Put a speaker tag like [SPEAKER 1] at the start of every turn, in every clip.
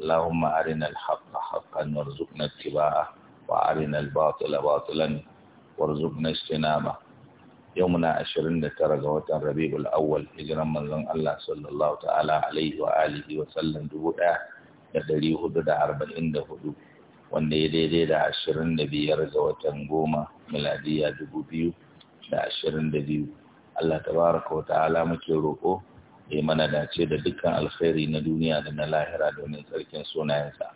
[SPEAKER 1] اللهم أرنا الحق حقا وارزقنا اتباعه وأرنا الباطل باطلا وارزقنا ashirin da tara ga watan Rabiul Awwal hijiran manzon Allah sallallahu ta'ala alaihi wa alihi wa da hudu, wanda ya daidai da da biyar ga watan 10 miladiya 2022 Allah tabaraka wa ta'ala muke roƙo. ya mana dace da dukkan alkhairi na duniya da na lahira domin tsarkin sunayensa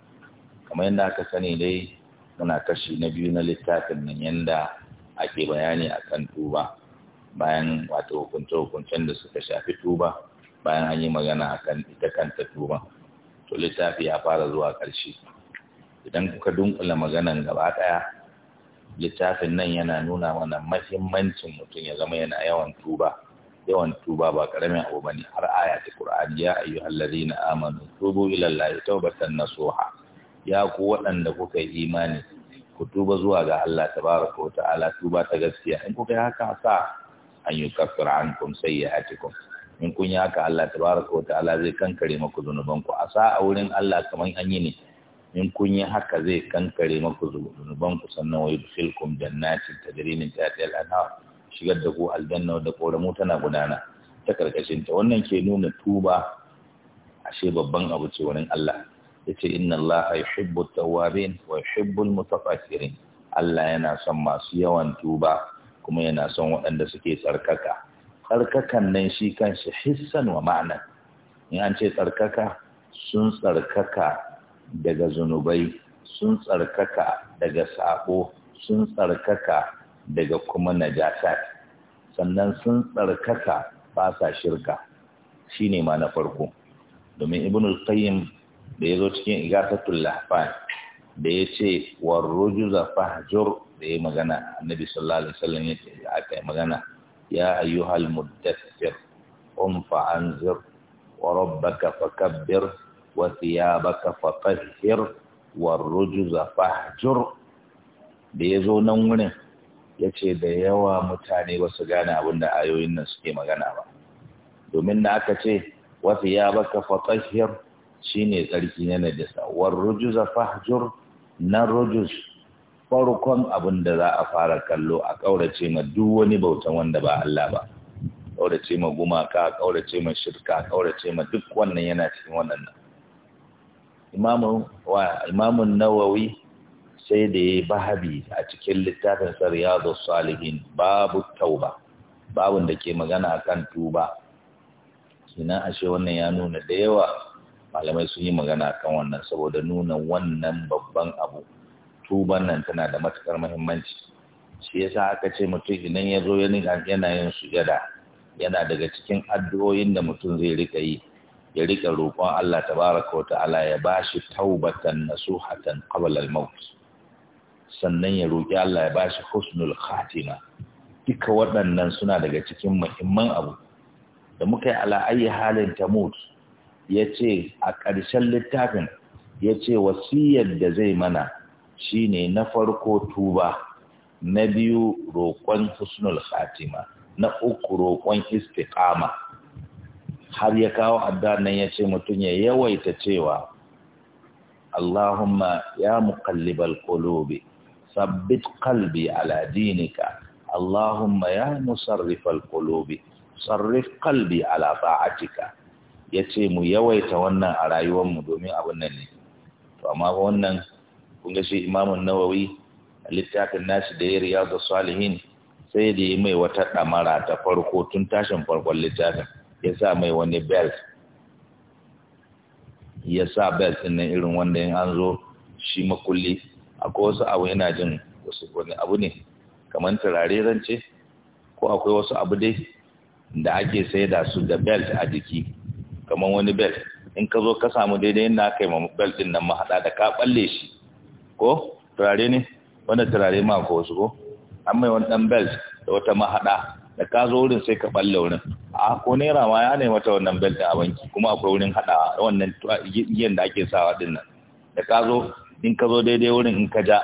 [SPEAKER 1] kamar yadda aka sani dai muna kashi na biyu na littafin nan yanda ake bayani akan tuba bayan wato hukunce-hukuncen da suka shafi tuba bayan an yi magana akan ita kanta tuba to littafi ya fara zuwa ƙarshe idan kuka dunkula maganan gaba ɗaya littafin nan yana nuna mana mahimmancin mutum ya zama yana yawan tuba yawan tuba ba karamin abu bane har aya ta Qur'an ya ayyuhallazina amanu tubu ila Allahi tawbatan nasuha ya ku waɗanda kuka yi imani ku tuba zuwa ga Allah tabaraka wa ta'ala tuba ta gaskiya in kuka yi haka sa an yukaffira ankum sayyi'atikum in kun yi haka Allah tabaraka wa ta'ala zai kankare maku zunubanku a sa a wurin Allah kaman an yi ne in kun yi haka zai kankare maku zunuban ku sannan wa yudkhilkum jannatin tajri min tahtiha al-anhar shigar da ku aljanna da ƙoramu tana gudana ta karkashin ta wannan ke nuna tuba ashe babban abu ce wurin Allah yace inna Allah yuhibbu at-tawwabin wa yuhibbu al Allah yana son masu yawan tuba kuma yana son waɗanda suke tsarkaka tsarkakan nan shi kanshi hissan wa ma'ana in an ce tsarkaka sun tsarkaka daga zunubai sun tsarkaka daga sabo sun tsarkaka daga kuma najasat sannan sun tsarkaka ba sa shirka Shi ne ma na farko domin ibn al-qayyim da zo cikin igasatul lahfan da ya yace warrujuza fahjur da ya magana annabi sallallahu alaihi wasallam ce, aka magana ya ayyuhal muddathir um fa anzir wa rabbaka fakabbir wa thiyabaka fatahhir warrujuza fahjur da ya zo nan wurin ya da yawa mutane ba su gane abin da ayoyin nan suke magana ba domin da aka ce wasu ya baka shine shi ne tsarki na najasa war rujuza fahjur na rujuz farkon abin da za a fara kallo a kaurace ma duk wani bautan wanda ba Allah ba kaurace ma gumaka kaurace ma shirka kaurace ma duk wannan yana cikin wannan imamun nawawi sai da ya bahabi a cikin littafin sariyadu salihin babu tauba babun da ke magana akan tuba kina ashe wannan ya nuna da yawa malamai sun yi magana kan wannan saboda nuna wannan babban abu tuban nan tana da matukar muhimmanci shi yasa aka ce mutum idan ya zo yana yin yada? yana daga cikin addu'o'in da mutum zai rika yi ya rika roƙon Allah tabaraka wa ta'ala ya bashi taubatan nasuhatan qabla al-maut sannan ya roƙi Allah ya bashi husnul khatima duka waɗannan suna daga cikin muhimman abu da muka yi ala ayi halin tamut ya ce a ƙarshen littafin ya ce wasiyar da zai mana shine na farko tuba na biyu roƙon husnul khatima na uku roƙon istiqama har ya kawo addu'ar nan ya ce mutum ya yawaita cewa Allahumma ya muqallibal qulubi sabbit قلبي على دينك اللهم ya مصرف القلوب صرف قلبي على طاعتك yace mu yawaita wannan a rayuwar mu domin abin nan ne to amma wannan kun ga shi Imam Nawawi littafin nashi da ya Riyadu Salihin sai da yi mai wata ɗamara ta farko tun tashin farkon littafin ya sa mai wani belt ya sa belt ɗin irin wanda in an zo shi makulli akwai wasu abu yana jin wasu wani abu ne kamar turare zance ko akwai wasu abu dai da ake sai da su da belt a jiki kamar wani belt in ka zo ka samu daidai na kai ma belt din nan mahaɗa da ka balle shi ko turare ne wanda turare ma ko wasu ko an mai wani ɗan belt da wata mahaɗa da ka zo wurin sai ka balle wurin a ko naira ma ya ne mata wannan belt a banki kuma akwai wurin haɗa wannan igiyan da ake sawa din nan da ka zo in ka zo daidai wurin in ka ja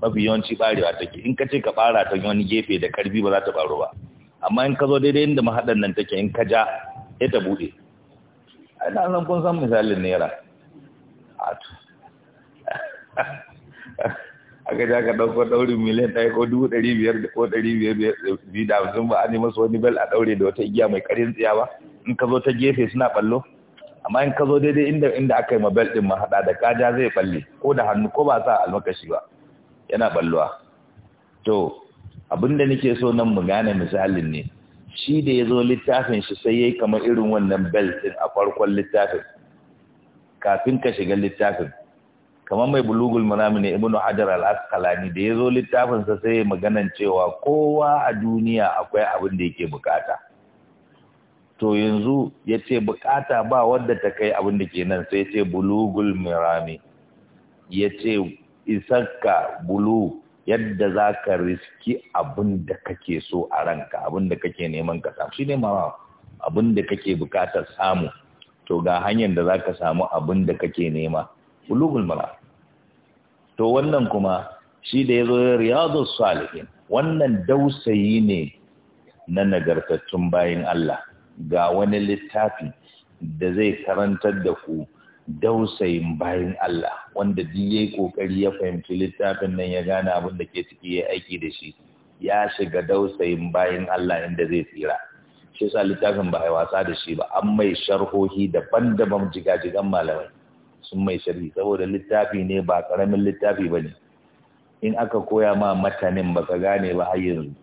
[SPEAKER 1] mafi yawanci barewa take in ka ce ka fara ta wani gefe da karfi ba za ta faru ba amma in ka zo daidai inda mahaɗan nan take in ka ja ya ta buɗe a ina nan kun san misalin naira a to aka ja ka ɗauko ɗaurin miliyan ɗaya ko dubu ɗari biyar ko ɗari biyar biyu da hamsin ba a nemi masu wani bel a ɗaure da wata igiya mai ƙarin tsiya ba in ka zo ta gefe suna ɓallo amma in ka zo daidai inda inda aka yi ma bel din mahaɗa da kaja zai balle ko da hannu ko ba sa almakashi ba yana balluwa to abinda nake so nan mu gane misalin ne shi da ya zo littafin shi sai yayi kamar irin wannan bel din a farkon littafin kafin ka shiga littafin kamar mai bulugul manami ne ibnu hajar al-asqalani da ya zo littafin sa sai maganan cewa kowa a duniya akwai abin da yake bukata to yanzu ya ce bukata ba wadda ta kai abin da ke nan sai ce bulugul mirami ya ce isakka bulu yadda za ka riski abin da kake so a ranka abin da kake neman ka samu shi ne ma abin da kake bukatar samu to ga hanyar da za ka samu abin da kake nema bulugul mirami. to wannan kuma shi da ya zo ya riyadu salihin wannan dausayi ne na nagartattun bayan Allah ga wani littafi da zai karantar da ku dausayin bayan Allah wanda duk yayi kokari ya fahimci littafin nan ya gane abin da ke ciki ya aiki da shi ya shiga dausayin bayan Allah inda zai tsira shi yasa littafin ba a wasa da shi ba an mai sharhohi daban-daban jigan-jigan malamai sun mai sharhi saboda littafi ne ba karamin littafi ba ne in aka koya ma matanin baka gane ba har yanzu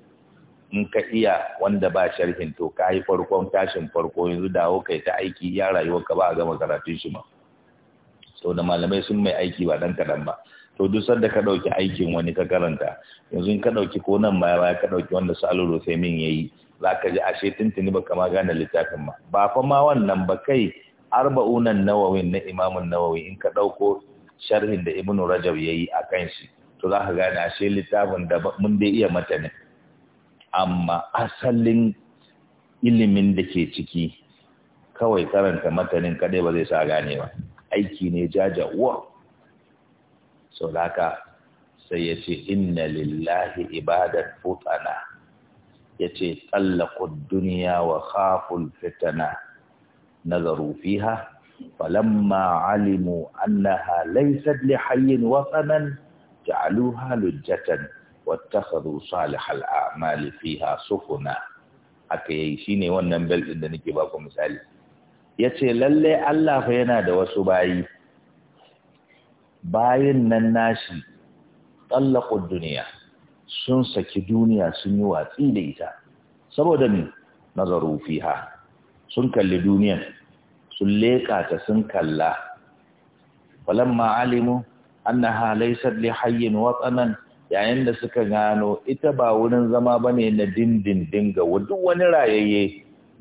[SPEAKER 1] in ka iya wanda ba sharhin to ka yi farkon tashin farko yanzu dawo kai ta aiki ya rayuwar ka ba a gama karatun shi ma to da malamai sun mai aiki ba dan kaɗan ba to duk sanda ka ɗauki aikin wani ka karanta yanzu in ka ɗauki ko nan baya baya ka ɗauki wanda su alulu sai min yayi yi za ka ji ashe tuntuni ba kama gane littafin ma ba fa ma wannan ba kai arba'unan nawawin na imamun nawawi in ka ɗauko sharhin da ibnu rajab yayi yi a kan shi to za ka gane ashe littafin da mun dai iya ne amma asalin ilimin da ke ciki kawai karanta matanin kadai ba zai sa gane ba aiki ne uwa. sau da haka sai ya ce inna lillahi ibadat futana ya ce tsallakun duniya wa khaful fitana nazaru fiha falamma alimu annaha laysat lihayin hayyin wasanan ja'aluha lujjatan wattakhadhu salihal a'mali fiha sufuna aka yi shine wannan bel din da nake ba ku misali yace lalle Allah fa yana da wasu bayi bayin nan nashi tallaqu duniya sun saki duniya sun yi watsi da ita saboda ni nazaru fiha sun kalli duniyan sun leka ta sun kalla falamma alimu annaha laysat li hayyin watanan yayin da suka gano ita ba wurin zama ba na dindindin ga duk wani rayayye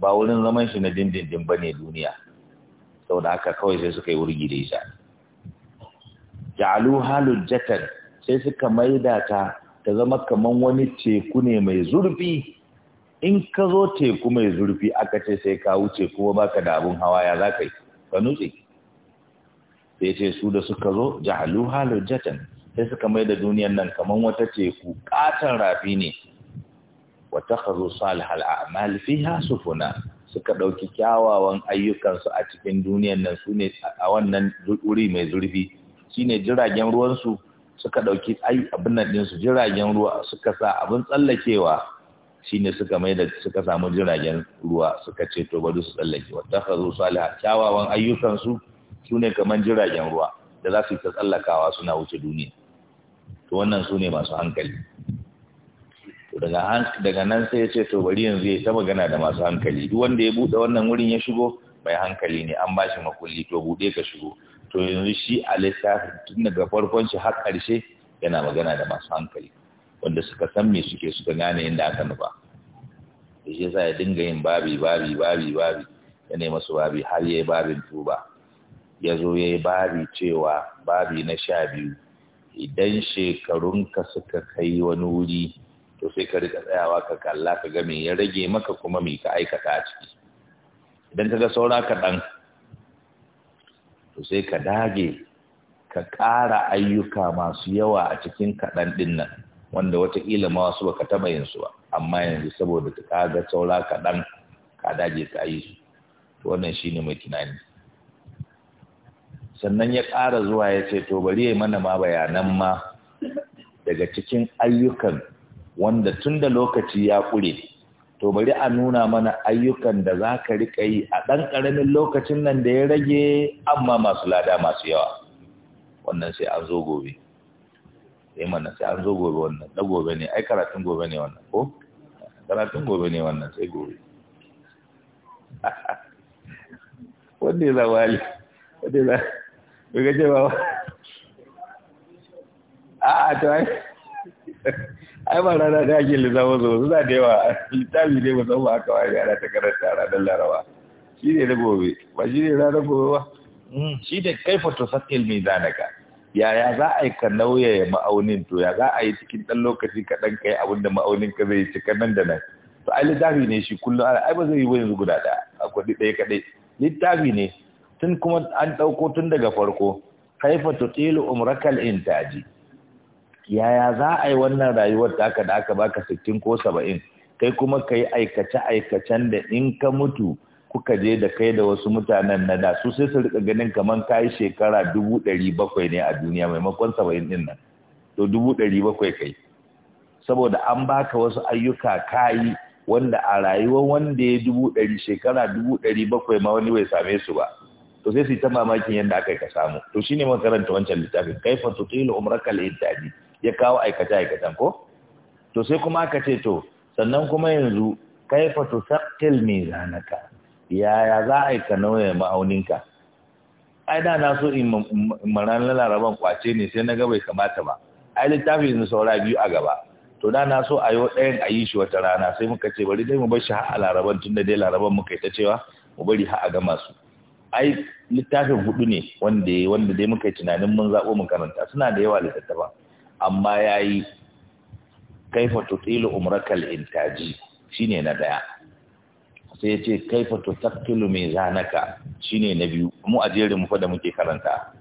[SPEAKER 1] ba wurin zaman shi na dindindin bane duniya sau da haka kawai sai suka yi wurgi da isa ja'alu halul jakar sai suka maida ta ta zama kaman wani teku ne mai zurfi in ka zo teku mai zurfi aka ce sai ka wuce kuma baka da abun hawa ya za ka yi ka nutse sai ce su da suka zo jaalu halujatan sai suka mai da duniyan nan kamar wata teku katon rafi ne wa takhazu salihal a'mal fiha sufuna suka dauki kyawawan ayyukansu a cikin duniyan nan sune a wannan wuri mai zurfi shine jiragen ruwan su suka dauki ai abin nan din su jiragen ruwa suka sa abin tsallakewa shine suka mai da suka samu jiragen ruwa suka ce to bari su tsallake wa takhazu salihal kyawawan ayyukansu sune kaman jiragen ruwa da za su yi ta tsallakawa suna wuce duniya to wannan su ne masu hankali daga nan sai ya ce to bari yanzu ya ta magana da masu hankali duk wanda ya bude wannan wurin ya shigo mai hankali ne an bashi makulli to bude ka shigo to yanzu shi a littafin tun daga farkon shi har karshe yana magana da masu hankali wanda suka san me suke suka gane inda aka nufa da shi yasa ya dinga yin babi babi babi babi ya nema su babi har yayi babin tuba ya zo yayi babi cewa babi na sha biyu idan shekarunka suka kai wani wuri to sai ka rika tsayawa ka kalla ka ga me ya rage maka kuma me ka aikata a ciki idan ka ga saura kaɗan to sai ka dage ka ƙara ayyuka masu yawa a cikin kaɗan ɗin nan wanda wataƙila ma wasu baka taɓa yin su ba amma yanzu saboda ka ga saura kaɗan ka dage ka yi su to wannan shine mai tunani sannan ya ƙara zuwa ya ce to bari ya mana ma bayanan ma daga cikin ayyukan wanda tun da lokaci ya ƙure to bari a nuna mana ayyukan da za ka riƙa yi a ɗan ƙaramin lokacin nan da ya rage amma masu lada masu yawa wannan sai an zo gobe Sai eh mana sai an zo gobe wannan da gobe ne ai karatun gobe ne wannan ko karatun gobe ne wannan sai gobe wanda ya zawali wanda ya zawali ga ce ba a a to ai ai ba rana da ake lissafa su suna da yawa littafi ne musamman aka wani ana ta karanta ranar laraba shi ne na gobe ba shi ne ranar gobe ba mm. shi ne kai to sakil mai zanaka yaya za a yi ka nauye ma'aunin to ya za a yi cikin ɗan lokaci kaɗan kai abin da ma'aunin ka zai cika nan da nan to ai littafi ne shi kullum ai ba zai yi wani guda ɗaya a kuɗi ɗaya kaɗai littafi ne tun kuma an ɗauko tun daga farko kaifa tutilu umrakal intaji yaya za a yi wannan rayuwar taka da aka baka sittin ko saba'in kai kuma ka yi aikace-aikacen da in ka mutu kuka je da kai da wasu mutanen na da su sai su rika ganin kamar ka yi shekara dubu ɗari bakwai ne a duniya maimakon saba'in ɗin nan to dubu ɗari bakwai kai saboda an baka wasu ayyuka ka yi wanda a rayuwar wanda ya dubu ɗari shekara dubu ɗari bakwai ma wani bai same su ba to sai su yi ta mamakin yadda aka yi ka samu to shine mun karanta wancan littafin kaifa tutilu umraka al-ittadi ya kawo aikata aikatan ko to sai kuma aka ce to sannan kuma yanzu kaifa tusaqqil mizanaka yaya za a yi ka nauye ma'auninka ai da na so in maran laraban kwace ne sai na ga bai kamata ba ai littafin yanzu saura biyu a gaba to da na so a yi ɗayan a yi shi wata rana sai muka ce bari dai mu bar shi har a laraban tun da dai laraban muka yi ta cewa mu bari har a gama su ai littafin hudu ne wanda wanda dai muka yi tunanin mun zaɓo mun karanta suna da yawa littattafa amma ya yi kaifa tutilu umrakal intaji shine na daya sai ya ce kaifa zanaka shi shine na biyu mu a jerin mu fa da muke karanta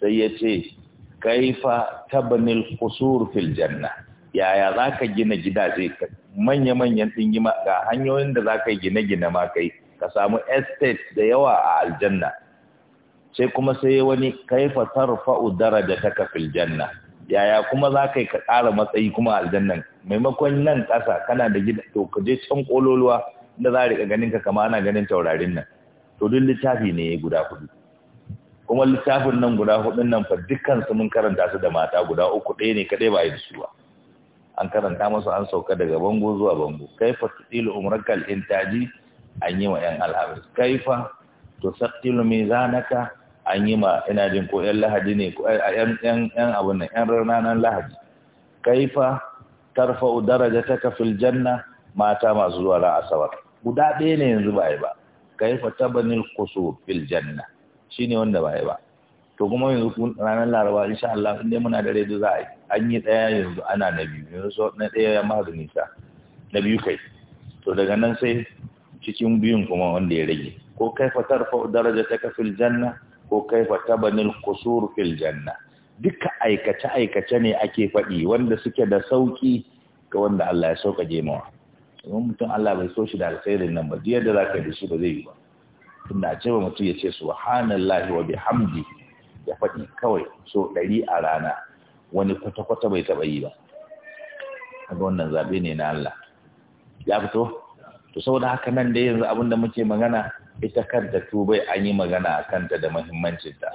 [SPEAKER 1] sai ya ce kaifa tabnil qusur fil janna yaya zaka gina gidaje manya-manyan dingima ga hanyoyin da zaka gine-gine ma kai ka samu estate da yawa a aljanna sai kuma sai wani kaifa tarfa'u ta fil janna yaya kuma za ka yi ka ƙara matsayi kuma aljannan maimakon nan ƙasa kana da gida to ka je can ƙololuwa inda za a riƙa ganin ka kama ana ganin taurarin nan to duk littafi ne ya guda hudu kuma littafin nan guda hudun nan fa dukkan su mun karanta su da mata guda uku ɗaya ne kaɗai ba a yi da su ba an karanta masu an sauka daga bango zuwa bango kai fa tudilu umrakal intaji an yi wa ‘yan alhamis kaifa to mai zanaka. an yi ma ina jin ko ‘yan lahadi ne ko ‘yan abun nan ‘yan ranar lahadi kaifa tarfa'u ta fil janna mata masu zuwa ran asabar guda ɗaya ne yanzu ba yi ba kaifa tabanil kusu fil janna shine wanda ba yi ba to kuma yanzu ranar laraba insha Allah in dai muna da za a yi an yi ɗaya yanzu ana na biyu yanzu na ɗaya ya mahazu nisa na biyu kai to daga nan sai cikin biyun kuma wanda ya rage ko kaifa tarfa ta fil janna ko kaifa tabanil qusur fil janna duka aikace aikace ne ake faɗi wanda suke da sauki ga wanda Allah ya sauka je mawa don mutum Allah bai so shi da alkhairin nan ba jiya da zaka da shi ba zai yi ba tunda a ce ba mutum ya ce subhanallahi wa bihamdi ya faɗi kawai so ɗari a rana wani kwata-kwata bai taɓa yi ba. Kaga wannan zaɓe ne na Allah. Ya fito? to saboda haka nan da yanzu abin da muke magana ita kanta tubai an yi magana a kanta da muhimmancinta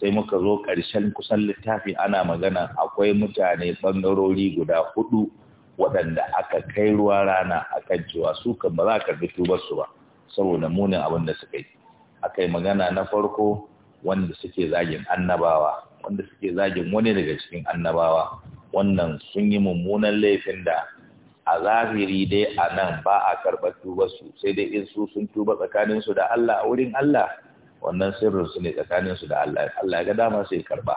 [SPEAKER 1] sai muka zo ƙarshen kusan littafi ana magana akwai mutane ɓangarori guda hudu waɗanda aka kai ruwa rana a kan cewa su kan ba za ka bi tubarsu ba saboda munin abin da suka yi aka yi magana na farko wanda suke zagin annabawa wanda suke zagin wani daga cikin annabawa wannan sun yi mummunan laifin da a zahiri dai a nan ba a karɓar tubarsu sai dai in su sun tuba tsakaninsu da Allah a wurin Allah wannan su ne tsakaninsu da Allah Allah ya ga dama sai karɓa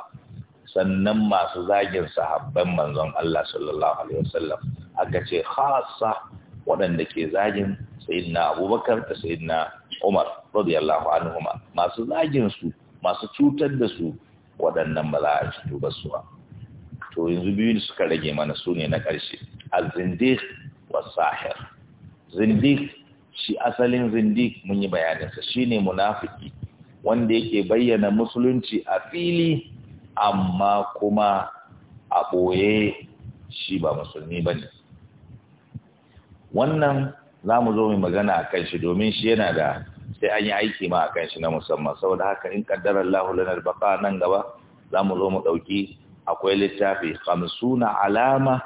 [SPEAKER 1] sannan masu zagin sahabban manzon Allah sallallahu alaihi wasallam aka ce khassa waɗanda ke zagin sayyidina Abubakar da sayyidina Umar radiyallahu anhuma masu zagin su masu cutar da su waɗannan ba za a ci su ba to yanzu biyu da suka rage mana su ne na ƙarshe a zindik wa sahir zindik shi asalin zindik mun yi bayaninsa shi ne munafiki wanda yake bayyana musulunci a fili amma kuma a ɓoye shi ba musulmi ba ne wannan za mu zo mai magana a kan shi domin shi yana da sai an yi aiki ma a kan shi na musamman saboda haka in ƙaddarar lahulanar baka nan gaba za mu zo mu ɗauki akwai littafi khamsuna alama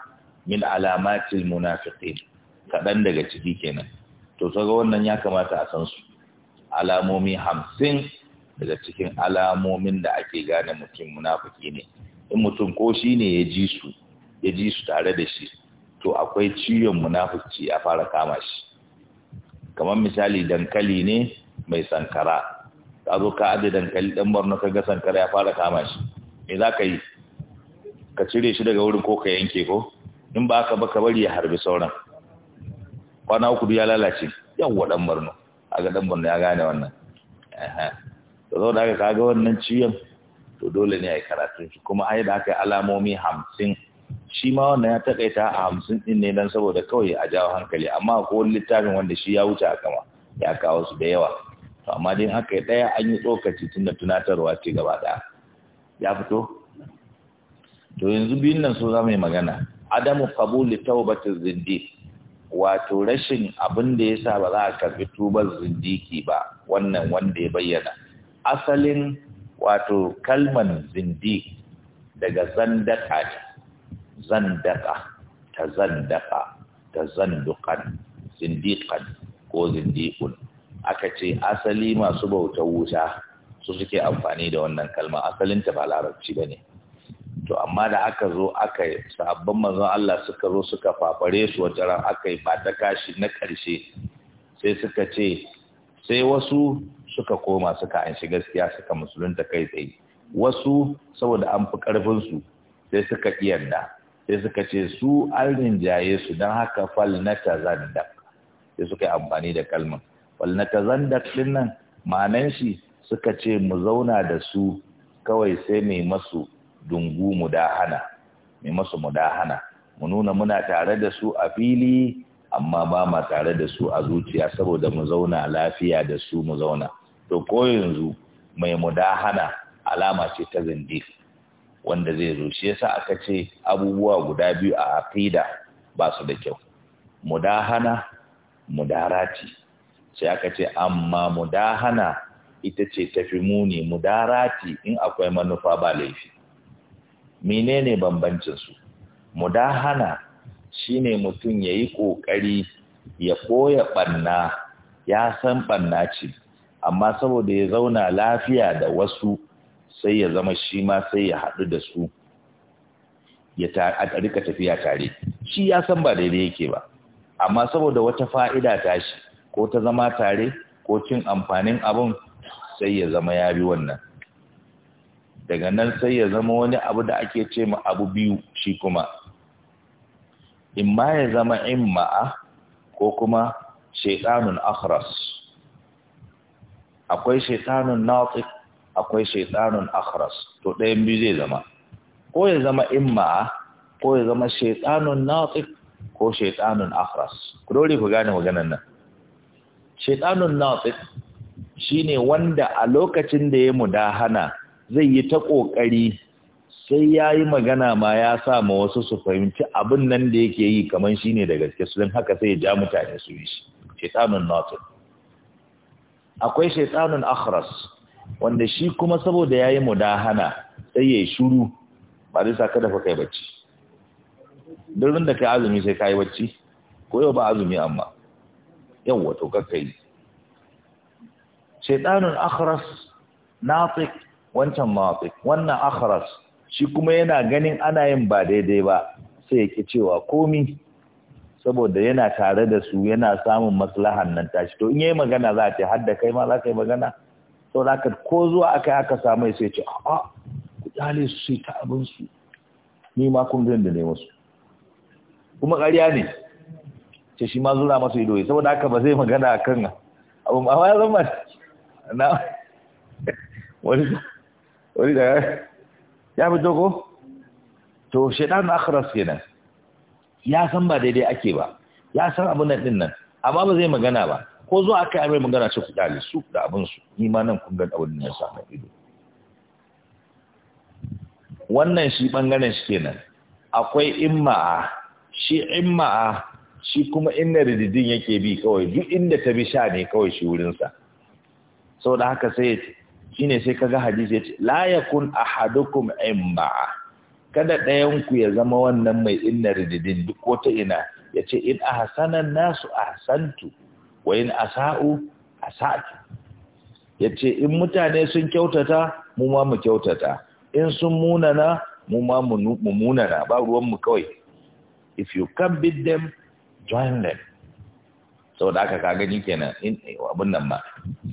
[SPEAKER 1] min alamatil munafiqin kadan daga ciki kenan to saka wannan ya kamata a san su alamomi hamsin daga cikin alamomin da ake gane mutum munafiki ne in mutum ko shine ne ya ji su ya ji su tare da shi to akwai ciwon munafici a fara kama shi kamar misali dankali ne mai sankara ka zo ka aje dankali dan barno ka ga sankara ya fara kama shi me za ka yi ka cire shi daga wurin ko ka yanke ko in ba aka ba ka bari ya harbi sauran kwana uku ya lalace yawwa dan barno ga dan barno ya gane wannan to zo da ka ga wannan ciyon to dole ne ai karatun shi kuma ai da aka yi alamomi hamsin shi ma wannan ya takaita a hamsin ɗin ne dan saboda kawai a jawo hankali amma ko littafin wanda shi ya wuce a kama ya kawo su da yawa to amma dai haka daya an yi tsokaci tun da tunatarwa ce gaba daya ya fito to yanzu biyun nan so za mu yi magana adamu qabuli tawbatin zindi wato rashin abin da yasa ba za a karbi tubar zindiki ba wannan wanda ya bayyana asalin wato kalman zindi daga zandaka ne zandaka ta zandaka ta zandukan zindikan ko zindikun aka ce asali masu bauta wuta su suke amfani da wannan kalma asalinta ba larabci ba ne to amma da aka zo aka yi sabbin manzon Allah suka zo suka fafare su wata ran aka yi ba ta kashi na ƙarshe sai suka ce sai wasu suka koma suka an shi gaskiya suka musulunta kai tsaye wasu saboda an fi ƙarfinsu sai suka yarda sai suka ce su an rinjaye su don haka fal na tazandak sai suka yi amfani da kalmar fal na tazandak ɗin nan ma'anan shi suka ce mu zauna da su kawai sai mai masu dungu mudahana mai masu mudahana mu nuna muna tare da su a fili amma ba ma tare da su a zuciya saboda mu zauna lafiya da su mu zauna to ko yanzu mai mudahana alama ce ta zindi wanda zai zo shi yasa aka ce abubuwa guda biyu a aqida ba su da kyau mudahana mudarati sai aka ce amma mudahana ita ce tafi muni mudarati in akwai manufa ba laifi menene bambancin su mudahana shine mutum yayi kokari ya koya banna ya san banna ce amma saboda ya zauna lafiya da wasu sai ya zama shi ma sai ya haɗu da su ya rika tafiya tare shi ya san ba daidai yake ba amma saboda wata fa'ida ta shi, ko ta zama tare ko cin amfanin abun sai ya zama ya bi wannan daga nan sai ya zama wani abu da ake ce ma abu biyu shi kuma in ma ya zama ma'a ko kuma shaitanun akhras akwai shaitanun nautik akwai shaitanun akhras to ɗayan biyu zai zama ko ya zama ma'a ko ya zama shaitanun nautik ko shaitanun akhras ku dole ku gane maganar nan shaitanun shi shine wanda a lokacin da ya mudahana zai yi ta ƙoƙari sai ya yi magana ma ya sa ma wasu su fahimci abin nan da yake yi kamar shi ne da gaske su don haka sai ya ja mutane su yi shi shaitanun natin akwai shaitanun akhras wanda shi kuma saboda ya yi mudahana sai ya yi shuru ba zai sa ka dafa kai bacci durin da kai azumi sai ka yi bacci ko yau ba azumi amma yau wato kakka yi shaitanun akhras natik wancan mawaƙi wannan akharas shi kuma yana ganin ana yin ba daidai ba sai ya cewa komi saboda yana tare da su yana samun maslahan nan tashi to in yayi magana za ta hadda har da kai ma za ka yi magana to za ka ko zuwa aka aka samu sai ce a ku dale su sai ta abin su ni ma kun zan da ne musu kuma ƙarya ne ce shi ma zura masu ido saboda haka ba zai magana kan abu amma ya zama na wani wani da ya fi ko? to shaidan akharas kenan ya san ba daidai ake ba ya san abin nan din nan amma ba zai magana ba ko zo aka yi mai magana ce ku su da abin su ni ma nan kun ga abin nan sa ido wannan shi bangaren shi kenan akwai imma'a shi imma'a shi kuma inna rididin yake bi kawai duk inda ta bi sha ne kawai shi wurinsa sau da haka sai shine sai kaga hadisi yace la yakun ahadukum imba'a kada ɗayan ku ya zama wannan mai inna rididin duk wata ina yace in ahsanan nasu ahsantu wa in asa'u asa'tu yace in mutane sun kyautata mu ma mu kyautata in sun munana mu ma mu munana ba ruwan mu kawai if you can beat them join them saboda aka ka gani kenan in abin nan ma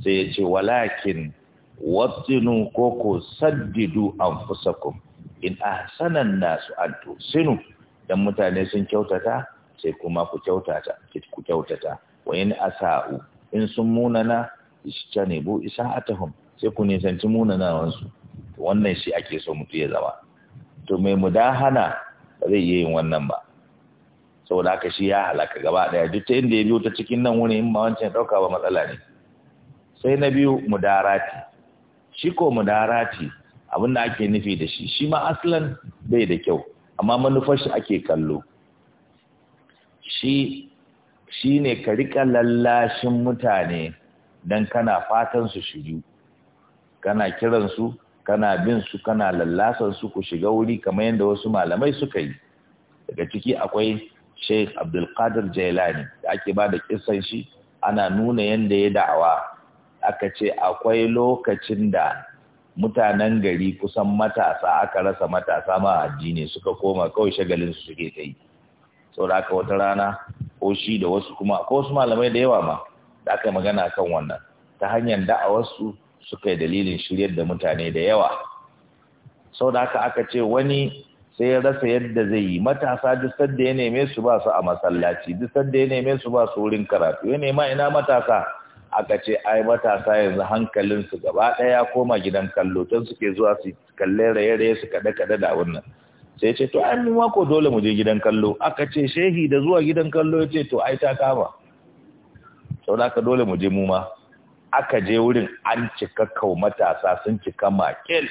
[SPEAKER 1] sai ya ce walakin wattinu ko ko saddidu anfusakum in ahsanan nasu an tusinu dan mutane sun kyautata sai kuma ku kyautata ku kyautata wa asa'u in sun munana isa isa'atahum sai ku nisanci munana wansu wannan shi ake so mutu ya zama to mai mudahana zai iya yin wannan ba saboda haka shi ya halaka gaba daya duk ta inda ya biyo ta cikin nan wani in ba wancan dauka ba matsala ne sai na biyu mudarati shi ko abin da ake nufi da shi shi ma aslan bai da kyau amma manufar shi ake kallo shi shi ne ka rika lallashin mutane don kana fatan su shiru kana kiransu kana bin su kana lallasan su ku shiga wuri kamar yadda wasu malamai suka yi daga ciki akwai Sheikh Abdulkadir Jailani da ake ba da kisan shi ana nuna yadda ya da'awa aka ce akwai lokacin da mutanen gari kusan matasa aka rasa matasa ma addini suka koma kawai shagalin su suke ta yi saboda aka wata rana ko shi da wasu kuma ko wasu malamai da yawa ma da aka yi magana kan wannan ta hanyar da'awarsu suka yi dalilin shiryar da mutane da yawa saboda haka aka ce wani sai ya rasa yadda zai yi matasa duk sadda ya neme su ba su a masallaci duk sadda ya neme su ba su wurin karatu ya nema ina matasa aka ce ai matasa yanzu hankalinsu gaba ɗaya koma gidan kallo tun suke zuwa su kalle raye-raye su kaɗe-kaɗe da wannan sai ce to ai mu ko dole mu je gidan kallo aka ce shehi da zuwa gidan kallo ya ce to ai ta kama sau da dole mu je mu ma aka je wurin an cika kau matasa sun cika makil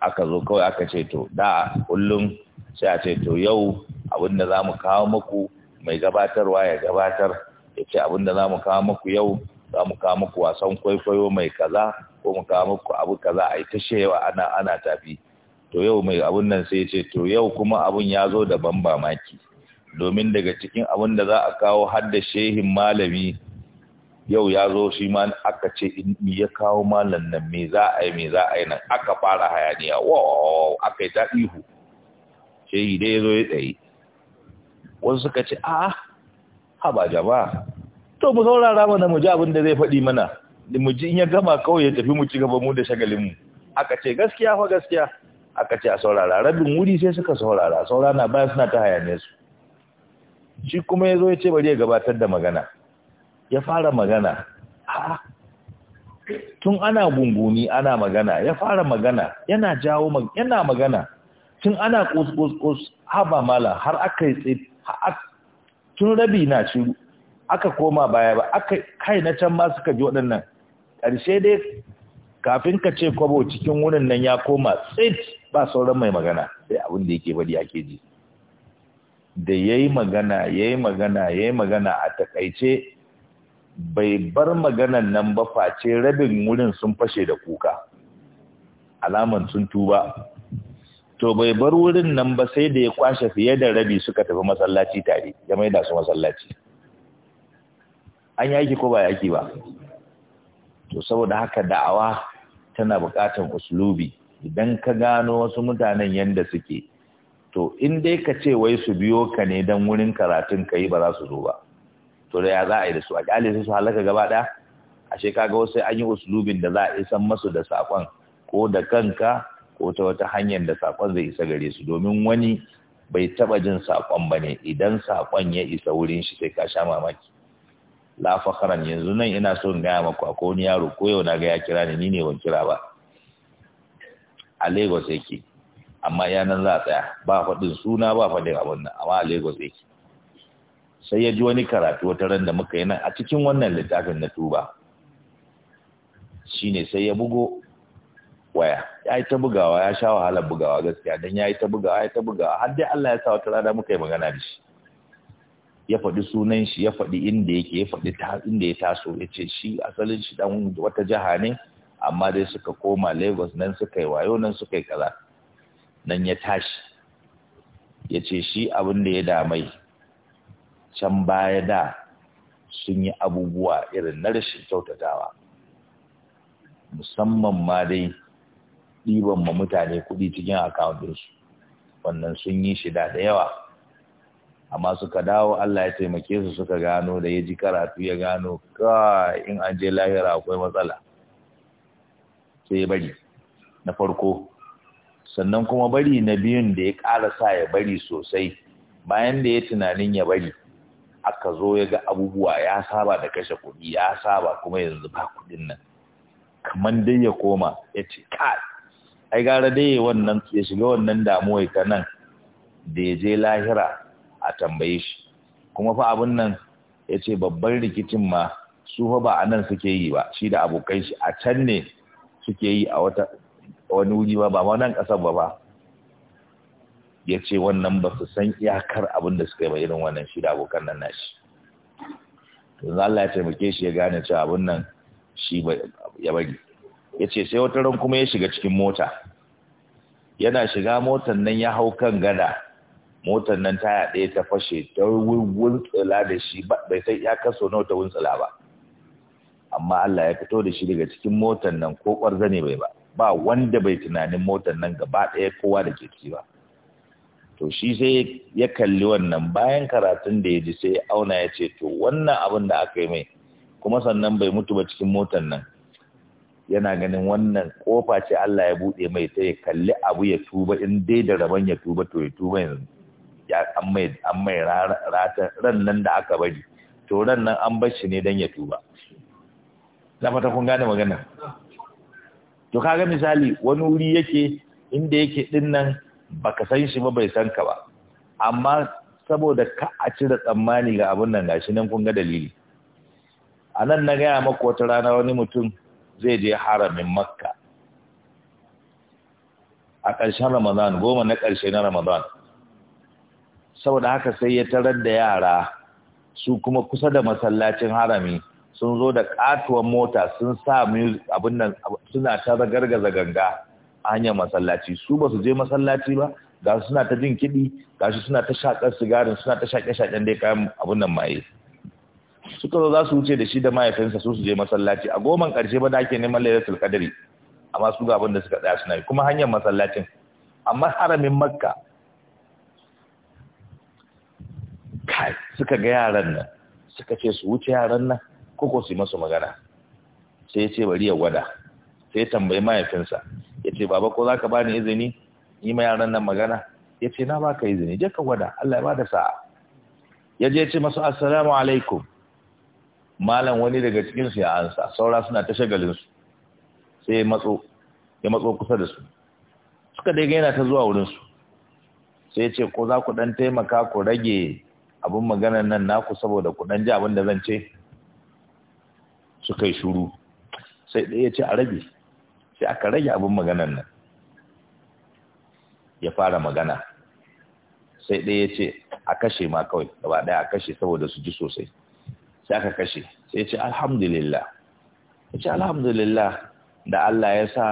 [SPEAKER 1] aka zo kawai aka ce to da kullum sai a ce to yau abinda za mu kawo muku mai gabatarwa ya gabatar ya ce abinda za mu kawo muku yau za mu kawo muku wasan kwaikwayo mai kaza ko mu kawo muku abu kaza a yi ta shewa ana ana tafi to yau mai abun nan sai ya ce to yau kuma abun ya zo da ban mamaki domin daga cikin abun da za a kawo har da shehin malami yau ya zo shi ma aka ce in ya kawo malam nan me za a yi me za a yi nan aka fara hayaniya wow aka yi ta ihu shehi dai ya zo ya tsaye wasu suka ce a'a a ba jama'a to mu saurara mana mu ji abin da zai faɗi mana da mu ji in ya gama kawai ya tafi mu ci gaba mu da shagalin mu aka ce gaskiya fa gaskiya aka ce a saurara rabin wuri sai suka saurara saurana bayan suna ta hayane su shi kuma ya zo ya ce bari ya gabatar da magana ya fara magana tun ana gunguni ana magana ya fara magana yana jawo yana magana tun ana kus kus kus haba mala har aka yi tun rabi na shiru aka koma baya ba aka kai na can ma suka ji waɗannan ƙarshe dai kafin ka ce kwabo cikin wurin nan ya koma tsit ba sauran mai magana sai abin da yake bari ake ji da ya yi magana ya yi magana ya yi magana a takaice bai bar maganan nan ba face rabin wurin sun fashe da kuka alaman sun tuba to bai bar wurin nan ba sai da ya kwashe fiye da rabi suka tafi masallaci tare ya mai da su masallaci an yaki ko ba yaki ba to saboda haka da'awa tana bukatan uslubi idan ka gano wasu mutanen yanda suke to in dai ka ce wai su biyo ka ne dan wurin karatun ka yi ba za su zo ba to da ya za a yi da su a kyale su halaka gaba ɗaya ashe kaga wasu an yi uslubin da za a isan masu da sakon ko da kanka ko ta wata hanyar da saƙon zai isa gare su domin wani bai taɓa jin saƙon ba ne idan saƙon ya isa wurin shi sai ka sha mamaki lafakaran yanzu nan ina so in gaya maku akwai wani yaro ko yau na ga ya kira ni ni ne ban kira ba a Lagos yake amma ya za a tsaya ba faɗin suna ba faɗin abin nan amma a Lagos yake sai ya ji wani karatu wata ran da muka yi nan a cikin wannan littafin na tuba shine sai ya bugo waya ya yi ta bugawa ya sha wahalar bugawa gaskiya don ya yi ta bugawa ya ta bugawa har dai Allah ya sa wata rana muka yi magana da shi ya faɗi sunan shi ya faɗi inda yake ya faɗi inda ya taso ya ce shi asalin shi dan wata jiha ne amma dai suka koma Lagos nan suka yi wayo nan suka yi kaza nan ya tashi ya ce shi abin da ya damai can baya da sun yi abubuwa irin na rashin kyautatawa musamman ma dai ɗiban ma mutane kuɗi cikin akawuntinsu. su wannan sun yi shida da yawa amma suka dawo Allah ya taimake su suka gano da ya ji karatu ya gano ka in an je lahira akwai matsala sai ya bari na farko sannan kuma bari na biyun da ya ƙara sa ya bari sosai bayan da ya tunanin ya bari aka zo ya ga abubuwa ya saba da kashe kuɗi ya saba kuma yanzu ba kuɗin nan kamar dai ya koma ya ce kai ai gara dai wannan ya shiga wannan damuwa ta nan da ya je lahira a tambaye shi kuma fa abin nan ya ce babban rikicin ma su fa ba a nan suke yi ba shi da abokai shi a can ne suke yi a wata wani wuri ba ba wannan ƙasar ba ba ya ce wannan ba su san iyakar abin da suka yi ba irin wannan shi da abokan nan nashi to Allah ya taimake shi ya gane cewa abin nan shi ya bari ya ce sai wata ran kuma ya shiga cikin mota yana shiga motan nan ya hau kan gada motan nan taya ɗaya ta fashe ta wuntsula da shi bai sai ya kaso nawa ta wuntsula ba amma Allah ya fito da shi daga cikin motan nan ko ƙwarza ne bai ba ba wanda bai tunanin motan nan gaba ɗaya kowa da ke ba to shi sai ya kalli wannan bayan karatun da ya ji sai ya auna ya ce to wannan abin da aka yi mai kuma sannan bai mutu ba cikin motan nan yana ganin wannan kofa ce Allah ya buɗe mai ta ya kalli abu ya tuba in dai da rabon ya tuba to ya tuba yanzu ya an mai an mai rata ran nan da aka bari to ran nan an bar shi ne dan ya tuba na fata kun gane magana to kaga misali wani wuri yake inda yake din nan baka san shi ba bai san ka ba amma saboda ka a cire tsammani ga abin nan gashi nan kun ga dalili a nan na gaya maka wata rana wani mutum zai je haramin makka a ƙarshen ramadan goma na ƙarshe na ramadan saboda haka sai ya tarar da yara su kuma kusa da masallacin harami sun zo da ƙatuwan mota sun sa abin nan suna ta gargaza ganga a hanyar masallaci su ba su je masallaci ba ga suna ta jin kiɗi ga suna ta shaƙar sigarin suna ta shaƙe-shaƙen dai kayan abin nan maye suka zo za su wuce da shi da mahaifinsa su su je masallaci a goman karshe ba da ake neman lailatul qadri amma su ga abin da suka tsaya suna yi kuma hanyar masallacin amma haramin makka kai suka ga yaran nan suka ce su wuce yaran nan koko su yi masu magana sai ya ce bari ya gwada sai ya tambayi mahaifinsa ya ce baba ko za ka ba ni izini yi ma yaran nan magana ya ce na ba ka izini je ka gwada Allah ya ba da sa'a ya je ce masu assalamu alaikum malam wani daga cikinsu ya ansa saura suna ta shagalinsu sai ya matso kusa da su suka dai yana ta zuwa wurinsu sai ya ce ko za ku ɗan taimaka ku rage abin maganar nan naku saboda ku ɗan ji abin da zan ce suka yi shuru sai ɗaya ya ce a rage sai aka rage abin maganar nan ya fara magana sai ɗaya ya ce a kashe ma kawai gaba ɗaya a kashe saboda su ji sosai sai aka kashe sai ce alhamdulillah ya ce alhamdulillah da Allah ya sa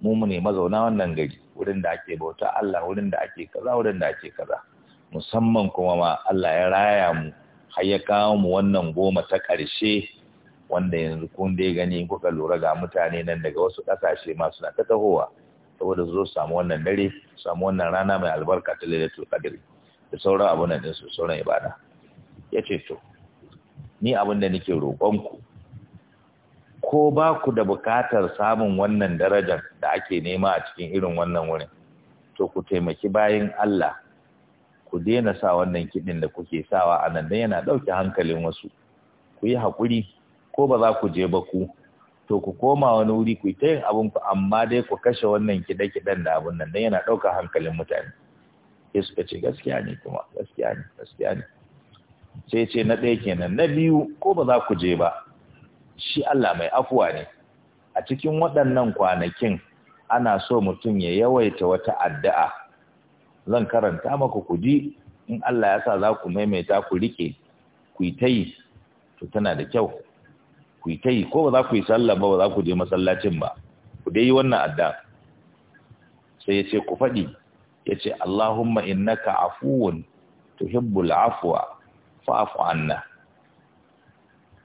[SPEAKER 1] mu ne mazauna wannan gari wurin da ake bauta Allah wurin da ake kaza wurin da ake kaza musamman kuma ma Allah ya raya mu har ya kawo mu wannan goma ta karshe wanda yanzu kun dai gani kuka lura ga mutane nan daga wasu ƙasashe masu suna ta tahowa saboda su zo samu wannan dare samu wannan rana mai albarka ta lailatul da sauran abunan din su sauran ibada yace to ni abin da nake roƙonku ko ba ku da buƙatar samun wannan darajar da ake nema a cikin irin wannan wurin to ku taimaki bayan Allah ku daina sa wannan kiɗin da kuke sawa a nan Dan yana ɗauke hankalin wasu ku yi haƙuri ko ba za ku je ba ku to ku koma wani wuri ku ta yin abin ku amma dai ku kashe wannan kiɗe-kiɗen da abin nan Dan yana ɗauka hankalin mutane sai suka ce gaskiya ne kuma gaskiya ne gaskiya ne sai ce na ɗaya kenan na biyu ko ba za ku je ba shi Allah mai afuwa ne a cikin waɗannan kwanakin ana so mutum ya yawaita wata addu'a zan karanta maka ku ji in Allah ya sa za ku maimaita ku rike ku yi ta to tana da kyau ku yi ta ko ba za ku yi sallah ba ba za ku je masallacin ba ku dai yi wannan addu'a sai ya ce ku faɗi ya ce Allahumma innaka afuwun tuhibbul afwa fa'afu anna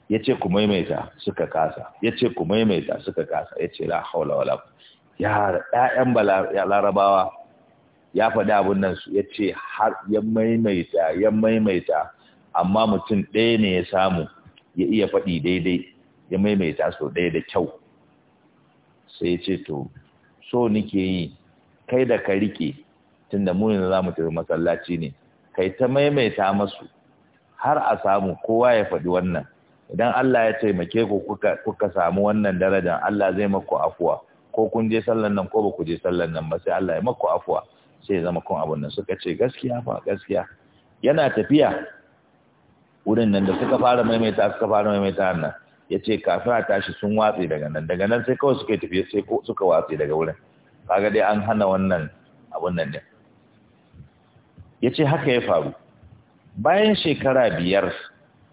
[SPEAKER 1] ya ku maimaita suka kasa ya ku maimaita suka kasa ya la haula wala ‘ya'yan larabawa ya faɗi abun nan su yace har ya maimaita ya maimaita amma mutum ɗaya ne ya samu ya iya faɗi daidai ya maimaita sau ɗaya da kyau sai ya ce to so nike yi kai da ka rike tunda mu ne za mu tafi masallaci ne kai ta maimaita masu har a samu kowa ya faɗi wannan idan Allah ya taimake ku kuka samu wannan darajar Allah zai maku afuwa ko kun je sallan nan ko ba ku je sallan nan ba sai Allah ya maku afuwa sai ya zama kun abun nan suka ce gaskiya fa gaskiya yana tafiya wurin nan da suka fara maimaita suka fara maimaita nan ya ce kafin a tashi sun watse daga nan daga nan sai kawai suka tafiya sai suka watse daga wurin kaga dai an hana wannan abun nan ne ya ce haka ya faru bayan shekara biyar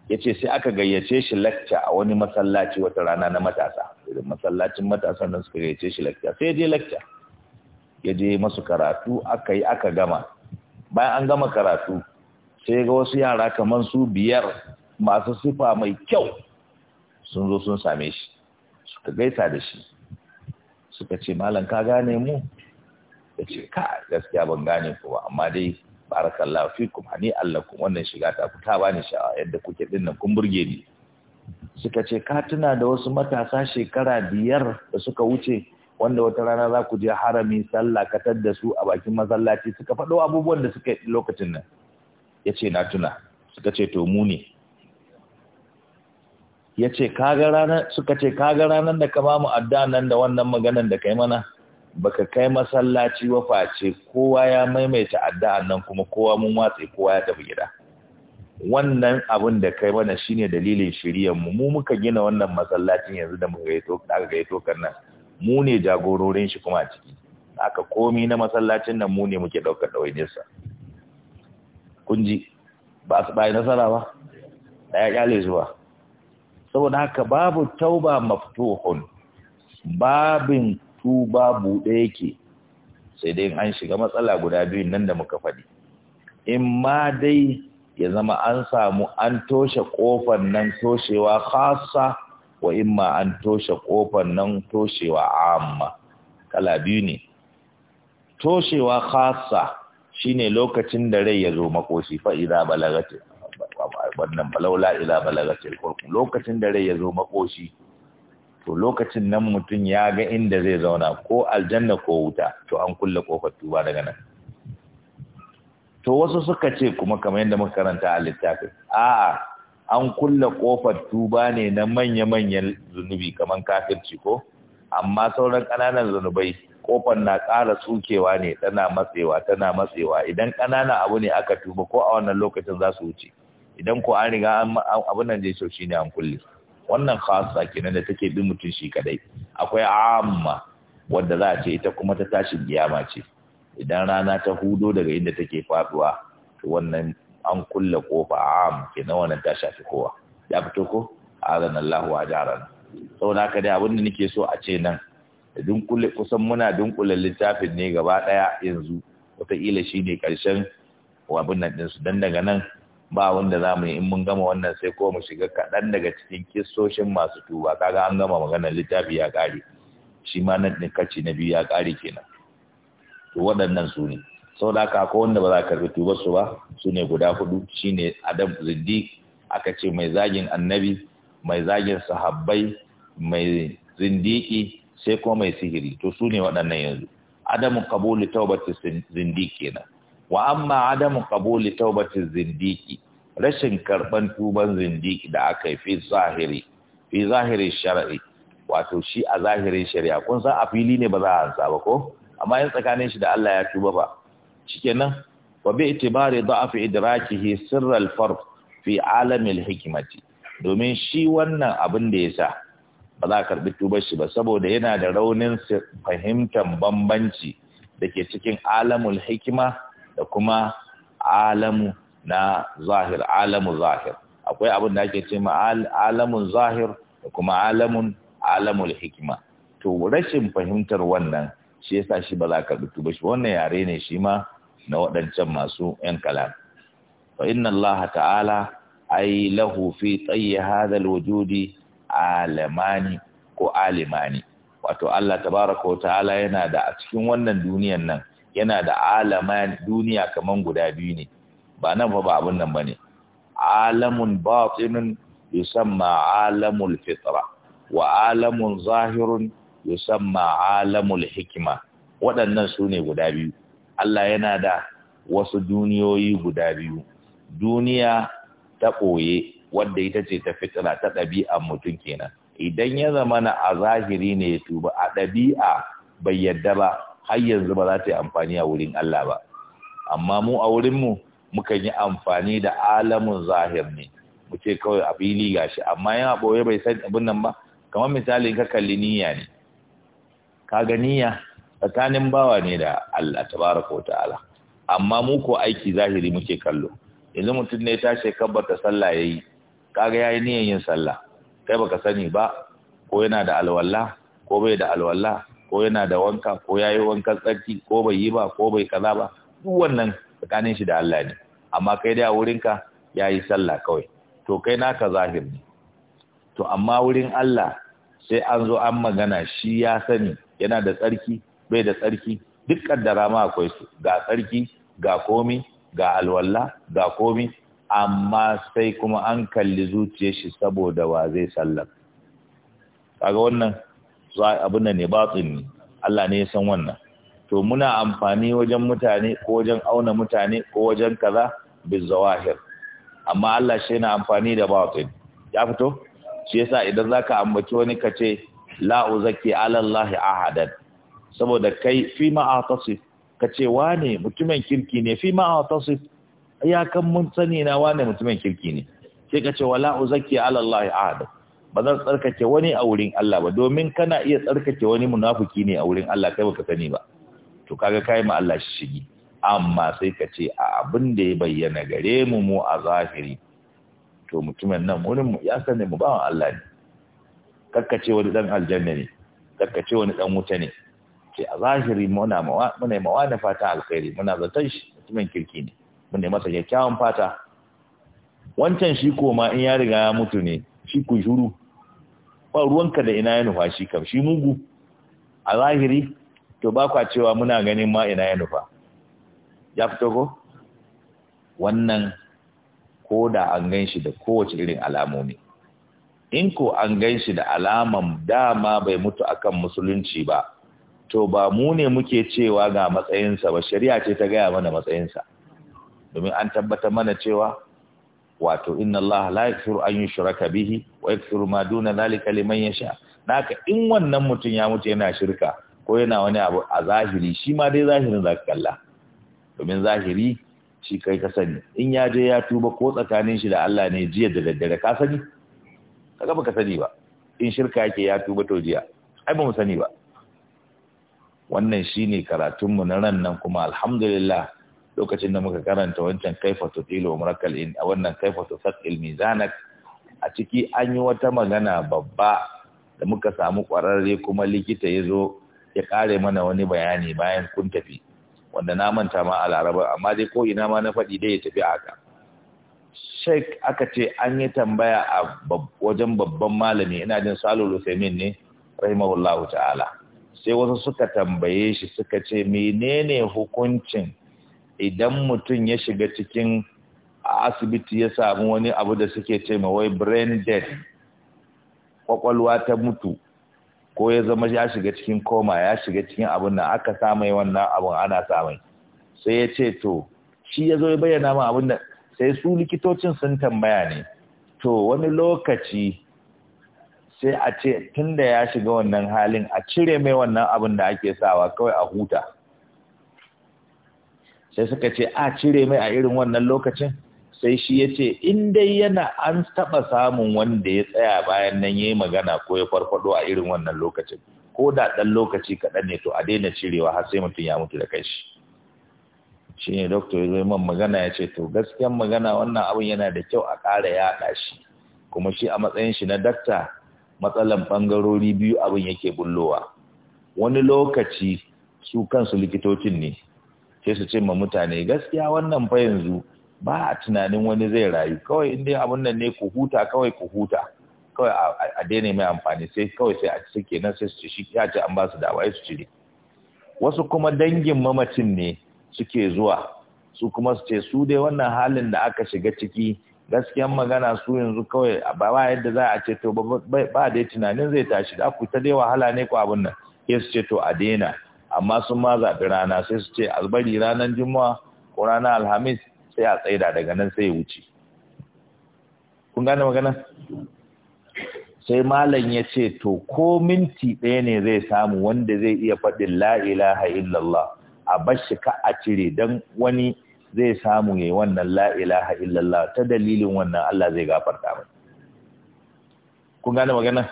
[SPEAKER 1] ya ce sai aka gayyace shi lakca a wani masallaci wata rana na matasa irin masallacin matasa nan suka gayyace shi lakta sai ya je lakca ya je masu karatu aka yi aka gama bayan an gama karatu sai ga wasu yara kamar su biyar masu sifa mai kyau sun zo sun same shi suka gaisa da shi suka ce malam ka gane mu ya ce ka gaskiya ban gane ku amma dai barakallahu fikum Allah allakum wannan shiga ta ku ta bani sha'awa yadda kuke dinnan kun burge ni suka ce ka tuna da wasu matasa shekara biyar da suka wuce wanda wata rana za ku je harami sallah katar da su a bakin masallaci suka faɗo abubuwan da suka yi lokacin nan ya ce na tuna suka ce to mu ne ya ce ga ranar suka ce kaga ranar da ka ba mu adda nan da wannan maganar da kai mana baka kai masallaci ba face kowa ya maimaita addu'a nan kuma kowa mun watsa kowa ya tafi gida wannan abin da kai mana shine dalilin shiriyar mu mu muka gina wannan masallacin yanzu da muka gaito aka gaito kan nan mu ne jagororin shi kuma a ciki aka komi na masallacin nan mu ne muke daukar sa kun ji ba su bayi nasara ba da ya kyale zuwa saboda haka babu tauba maftuhun babin ba buɗe yake sai dai an shiga matsala guda biyu nan da muka faɗi in ma dai ya zama an samu an toshe ƙofar nan toshewa khasa wa in ma an toshe ƙofar nan toshewa amma kala biyu ne toshewa khasa shine lokacin da rai ya zo makoshi fa idza wannan balaula idza balagatil lokacin da rai ya zo makoshi to lokacin nan mutum ya ga inda zai zauna ko aljanna ko wuta to an kulle kofar tuba daga nan to wasu suka ce kuma kamar yadda muka karanta a littafin a'a an kulle kofar tuba ne na manya-manyan zunubi kamar kafirci ko amma sauran ƙananan zunubai kofar na ƙara tsukewa ne tana matsewa tana matsewa idan ƙananan abu ne aka tuba ko a wannan lokacin za su wuce idan ko an riga abin nan je shi ne an kulle wannan khasa kenan da take bin mutum shi kadai akwai amma wanda za a ce ita kuma ta tashi giyama ce idan rana ta hudo daga inda take faduwa to wannan an kulle kofa am kenan wannan ta shafi kowa ya fito ko azan Allahu ajaran saboda ka dai abin da nake so a ce nan kulle kusan muna dunkule littafin ne gaba daya yanzu wataƙila shine karshen abin nan din su dan daga nan ba wanda za mu yi in mun gama wannan sai ko mu shiga kaɗan daga cikin kissoshin masu tuba kaga an gama maganar littafi ya ƙare shi ma nan na biyu ya ƙare kenan to waɗannan su ne sau da haka ko wanda ba za ka karɓi tuba su ba su ne guda hudu shine adam ziddiq aka ce mai zagin annabi mai zagin sahabbai mai zindiki sai kuma mai sihiri to su ne waɗannan yanzu adamu kabuli Taubatu, zindiki kenan wa amma adamu qabuli tawbatiz zindiki rashin karban tuban zindiki da aka fi zahiri fi zahiri shar'i wato shi a zahirin shari'a kun san a fili ne ba za a ansa ba ko amma in tsakanin shi da Allah ya tuba ba shikenan wa bi itibari da'af idrakihi sirr al-farq fi alam al-hikmati domin shi wannan abin da yasa ba za a karbi tubar shi ba saboda yana da raunin fahimtar bambanci da ke cikin alamul hikima da kuma alamu na zahir alamu zahir akwai abin da ake ce ma alamun zahir da kuma alamun alamul hikima to rashin fahimtar wannan shi yasa shi ba za ka dutu ba shi wannan yare ne shi ma na waɗancan masu ‘yan kalam. Fa inna allaha ta'ala ai lahu fi tsaye hadal alwujudi alamani ko alimani. Wato Allah tabaraka wa ta'ala yana da a cikin wannan duniyar nan yana da alaman duniya kaman guda biyu ne ba nan fa ba abun nan bane alamun batinin yusamma alamul fitra wa alamun zahirun yusamma alamul hikima waɗannan su ne guda biyu Allah yana da wasu duniyoyi guda biyu duniya ta ɓoye wadda ita ce ta fitira ta ɗabi'a mutum kenan idan ya zama na a zahiri ne tuba a ɗabi'a bai yadda ba har yanzu ba za ta yi amfani a wurin Allah ba amma mu a wurin mu mukan yi amfani da alamun zahir ne mu ce kawai a fili gashi amma yana boye bai san abin nan ba kamar misali ka kalli niyya ne ka niyya tsakanin bawa ne da Allah tabaraka wa ta'ala amma mu ko aiki zahiri muke kallo yanzu mutum ne ta shekabar ta sallah yayi kaga yayi niyyar yin sallah kai baka sani ba ko yana da alwala ko bai da alwala ko yana da wanka ko ya yi wankan tsarki ko bai yi ba ko bai kaza ba duk wannan tsakanin shi da Allah ne amma kai dai a wurinka ya yi sallah kawai to kai naka zahir ne to amma wurin Allah sai an zo an magana shi ya sani yana da tsarki bai da tsarki duk kaddara rama akwai su ga tsarki ga komi ga alwala ga komi amma sai kuma an kalli zuciyar shi saboda wa zai sallar kaga wannan abin da ne batini Allah ne ya san wannan to muna amfani wajen mutane ko wajen auna mutane ko wajen kaza zawahir. amma Allah shi yana amfani da batin ya fito shi yasa idan zaka ambaci wani kace la uzaki ala Allah ahadan saboda kai fi ma atasif kace wane mutumin kirki ne fi ma atasif ya kan mun sani na wane mutumin kirki ne sai kace wala uzaki ala Allah ahadan ba zan tsarkake wani a wurin Allah ba domin kana iya tsarkake wani munafiki ne a wurin Allah kai baka sani ba to kaga kai ma Allah shi shigi amma sai ka ce a abin da ya bayyana gare mu mu a zahiri to mutumin nan wurin mu ya sani mu ba Allah ne kakkace wani dan aljanna ne kakkace wani dan wuta ne ce a zahiri muna mawa muna mawa da fata alkhairi muna zaton shi mutumin kirki ne mun ne masa kyakkyawan fata wancan shi koma in ya riga ya mutu ne shi ku shuru ba ruwanka da ina ya nufa shi kam shi mugu a zahiri to ba kwa cewa muna ganin ma ina ya nufa ya fito ko wannan ko da an gan da kowace irin alamomi in ko an gan shi da alaman dama bai mutu akan musulunci ba to ba mu ne muke cewa ga matsayinsa ba shari'a ce ta gaya mana matsayinsa domin an tabbatar mana cewa wato inna Allah la an yushraka bihi wa yaghfiru ma duna zalika liman yasha naka in wannan mutum ya mutu yana shirka ko yana wani abu a zahiri shi ma dai zahirin zaka kalla domin zahiri shi kai ka sani in ya je ya tuba ko tsakanin shi da Allah ne jiya da daddare ka sani kaga baka sani ba in shirka yake ya tuba to jiya ai ba mu sani ba wannan shine karatun mu na ran nan kuma alhamdulillah lokacin da muka karanta wancan kaifatu tilo murakkal in a wannan kaifatu tusaqil mizanak a ciki an yi wata magana babba da muka samu kwararre kuma likita ya zo ya kare mana wani bayani bayan kun tafi wanda na manta ma a laraba amma dai ko ina ma na faɗi dai ya tafi haka sheik aka ce an yi tambaya a wajen babban malami ina jin salul usaimin ne rahimahullahu ta'ala sai wasu suka tambaye shi suka ce menene hukuncin idan mutum ya shiga cikin asibiti ya samu wani abu da suke ce wai brain death kwakwalwa ta mutu ko ya zama ya shiga cikin koma ya shiga cikin abin nan aka samai wannan abin ana samai sai ya ce to shi ya zo ya bayyana min abin da sai su likitocin sun tambaya ne to wani lokaci sai a ce tun da ya shiga wannan halin a cire mai wannan abin da ake sawa kawai a huta sai suka ce a cire mai a irin wannan lokacin sai shi ya ce in dai yana an taɓa samun wanda ya tsaya bayan nan ya yi magana ko ya farfado a irin wannan lokacin ko da ɗan lokaci kaɗan ne to a daina cirewa har sai mutum ya mutu da kai shi shi ne doktor ya man magana ya ce to gaskiyan magana wannan abin yana da kyau a ƙara yaɗa shi kuma shi a matsayin shi na dakta matsalan bangarori biyu abin yake bullowa wani lokaci su kansu likitocin ne sai su ce ma mutane gaskiya wannan fa yanzu ba a tunanin wani zai rayu kawai in abun nan ne ku huta kawai ku huta kawai a daina mai amfani sai kawai sai a cike nan sai su ci shi ya ce an ba su dawa su cire wasu kuma dangin mamacin ne suke zuwa su kuma su ce su dai wannan halin da aka shiga ciki gaskiyan magana su yanzu kawai ba yadda za a ce to ba dai tunanin zai tashi da ku ta dai wahala ne ko abun nan sai su ce to a daina amma sun ma zaɓi rana sai su ce albari ranar juma'a ko ranar alhamis sai a tsaida daga nan sai ya wuce kun gane magana sai malam ya ce to ko minti ɗaya ne zai samu wanda zai iya faɗin la ilaha illallah a bashi ka a cire don wani zai samu ya yi wannan la ilaha ta dalilin wannan Allah zai gafarta mai kun gane magana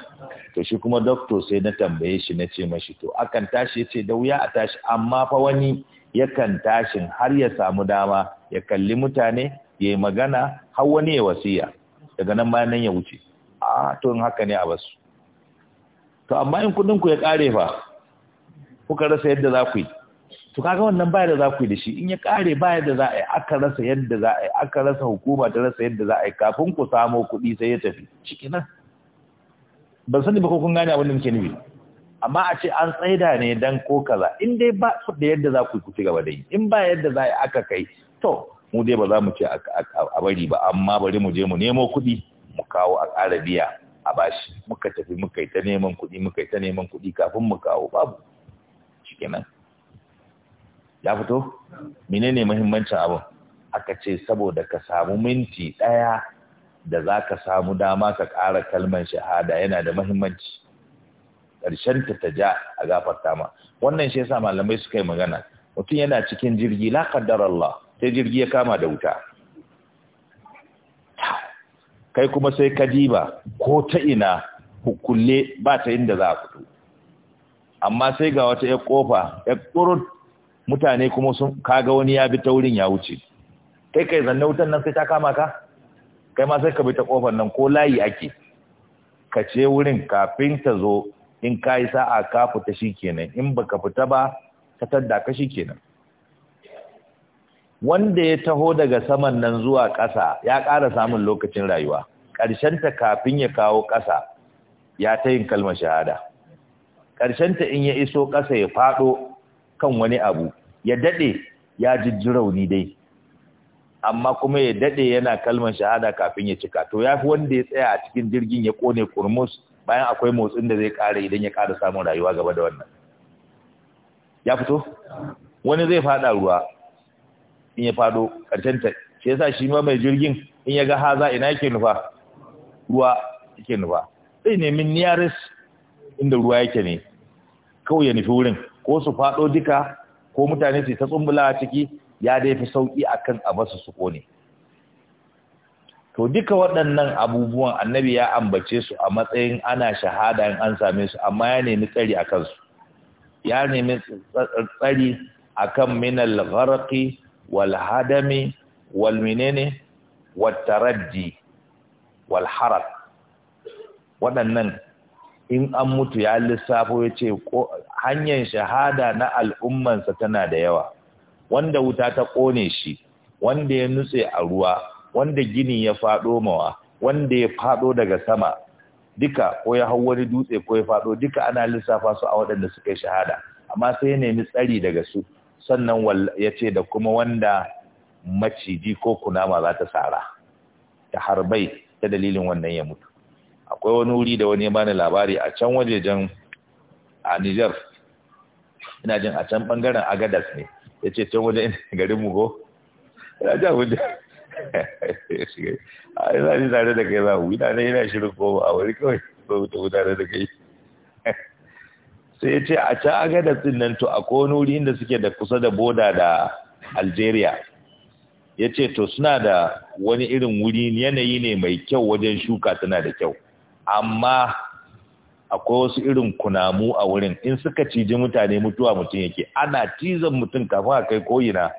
[SPEAKER 1] to shi kuma doctor sai na tambaye shi na ce mashi to akan tashi yace da wuya a tashi amma fa wani yakan tashin har ya samu dama ya kalli mutane ya yi magana har wani ya wasiya daga nan bayan nan ya wuce a to in haka ne a basu to amma in kudin ku ya kare fa kuka rasa yadda za ku yi to kaga wannan baya da za ku yi da shi in ya kare baya da za a yi aka rasa yadda za a yi aka rasa hukuma ta rasa yadda za a yi kafin ku samo kuɗi sai ya tafi ciki nan ban sani ba ko kun gane abin da muke nufi amma a ce an tsaida ne dan ko kaza in dai ba su da yadda za ku ci gaba da yi in ba yadda za a aka kai to mu dai ba za mu ce a bari ba amma bari mu je mu nemo kuɗi mu kawo a ƙara biya a bashi muka tafi muka yi ta neman kuɗi muka yi ta neman kuɗi kafin mu kawo babu shikenan ya fito menene muhimmancin abin aka ce saboda ka samu minti ɗaya da za ka samu dama ka ƙara kalman shahada yana da mahimmanci ƙarshen ta ta ja a gafarta ma wannan shi yasa malamai suka yi magana mutum yana cikin jirgi la kaddar Allah sai jirgi ya kama da wuta kai kuma sai ka diba ko ta ina hukulle ba ta inda za a fito amma sai ga wata ya kofa ya tsurut mutane kuma sun kaga wani ya bi ta wurin ya wuce kai kai zanne wutan nan sai ta kama ka kai ma sai ka bi ta kofar nan ko layi ake ka ce wurin kafin ta zo in ka yi sa'a ka fita shi kenan in ba ka fita ba ka tadda ka shi kenan wanda ya taho daga saman nan zuwa ƙasa ya ƙara samun lokacin rayuwa ta kafin ya kawo ƙasa ya ta yin kalmar shahada ta in ya iso ƙasa ya faɗo kan wani abu ya daɗe ya jijji rauni dai amma kuma ya dade yana kalmar shahada kafin ya cika to ya fi wanda ya tsaya a cikin jirgin ya kone kurmus bayan akwai motsin da zai kare idan ya kara samun rayuwa gaba da wannan ya fito wani zai fada ruwa in ya fado karshen ta shi yasa shi ma mai jirgin in ya ga haza ina yake nufa ruwa yake nufa sai nemi niyaris inda ruwa yake ne kawai ya nufi wurin ko su fado duka ko mutane su ta tsumbula a ciki ya dai fi sauki akan a basu su kone to duka waɗannan abubuwan annabi ya ambace su a matsayin ana shahada in an same su amma ya nemi tsari a kansu ya nemi tsari a kan minal gharqi wal hadami wal minene wal taraddi wal harab waɗannan in an mutu ya lissafo ya ce hanyar shahada na al'ummansa tana da yawa wanda wuta ta ƙone shi wanda ya nutse a ruwa wanda gini ya faɗo mawa wanda ya faɗo daga sama duka ko ya hau wani dutse ko ya faɗo duka ana lissafa su a waɗanda suka yi shahada amma sai ya nemi tsari daga su sannan ya ce da kuma wanda maciji ko kunama za ta sara ta harbai ta dalilin wannan ya mutu akwai wani wuri da wani ya bani labari a can wajejen a Nijar ina jin a can bangaren Agadas ne ya ce can wajen garin mu ko ya ji abin da a yana ni tare da kai za mu yana yana shirin ko a wani kawai ko ta mutane da kai sai ya ce a can ga da tsinnan to a konuri inda suke da kusa da boda da algeria ya ce to suna da wani irin wuri yanayi ne mai kyau wajen shuka tana da kyau amma akwai wasu irin kunamu a wurin in suka ciji mutane mutuwa mutum yake ana cizon mutum kafin a kai koyina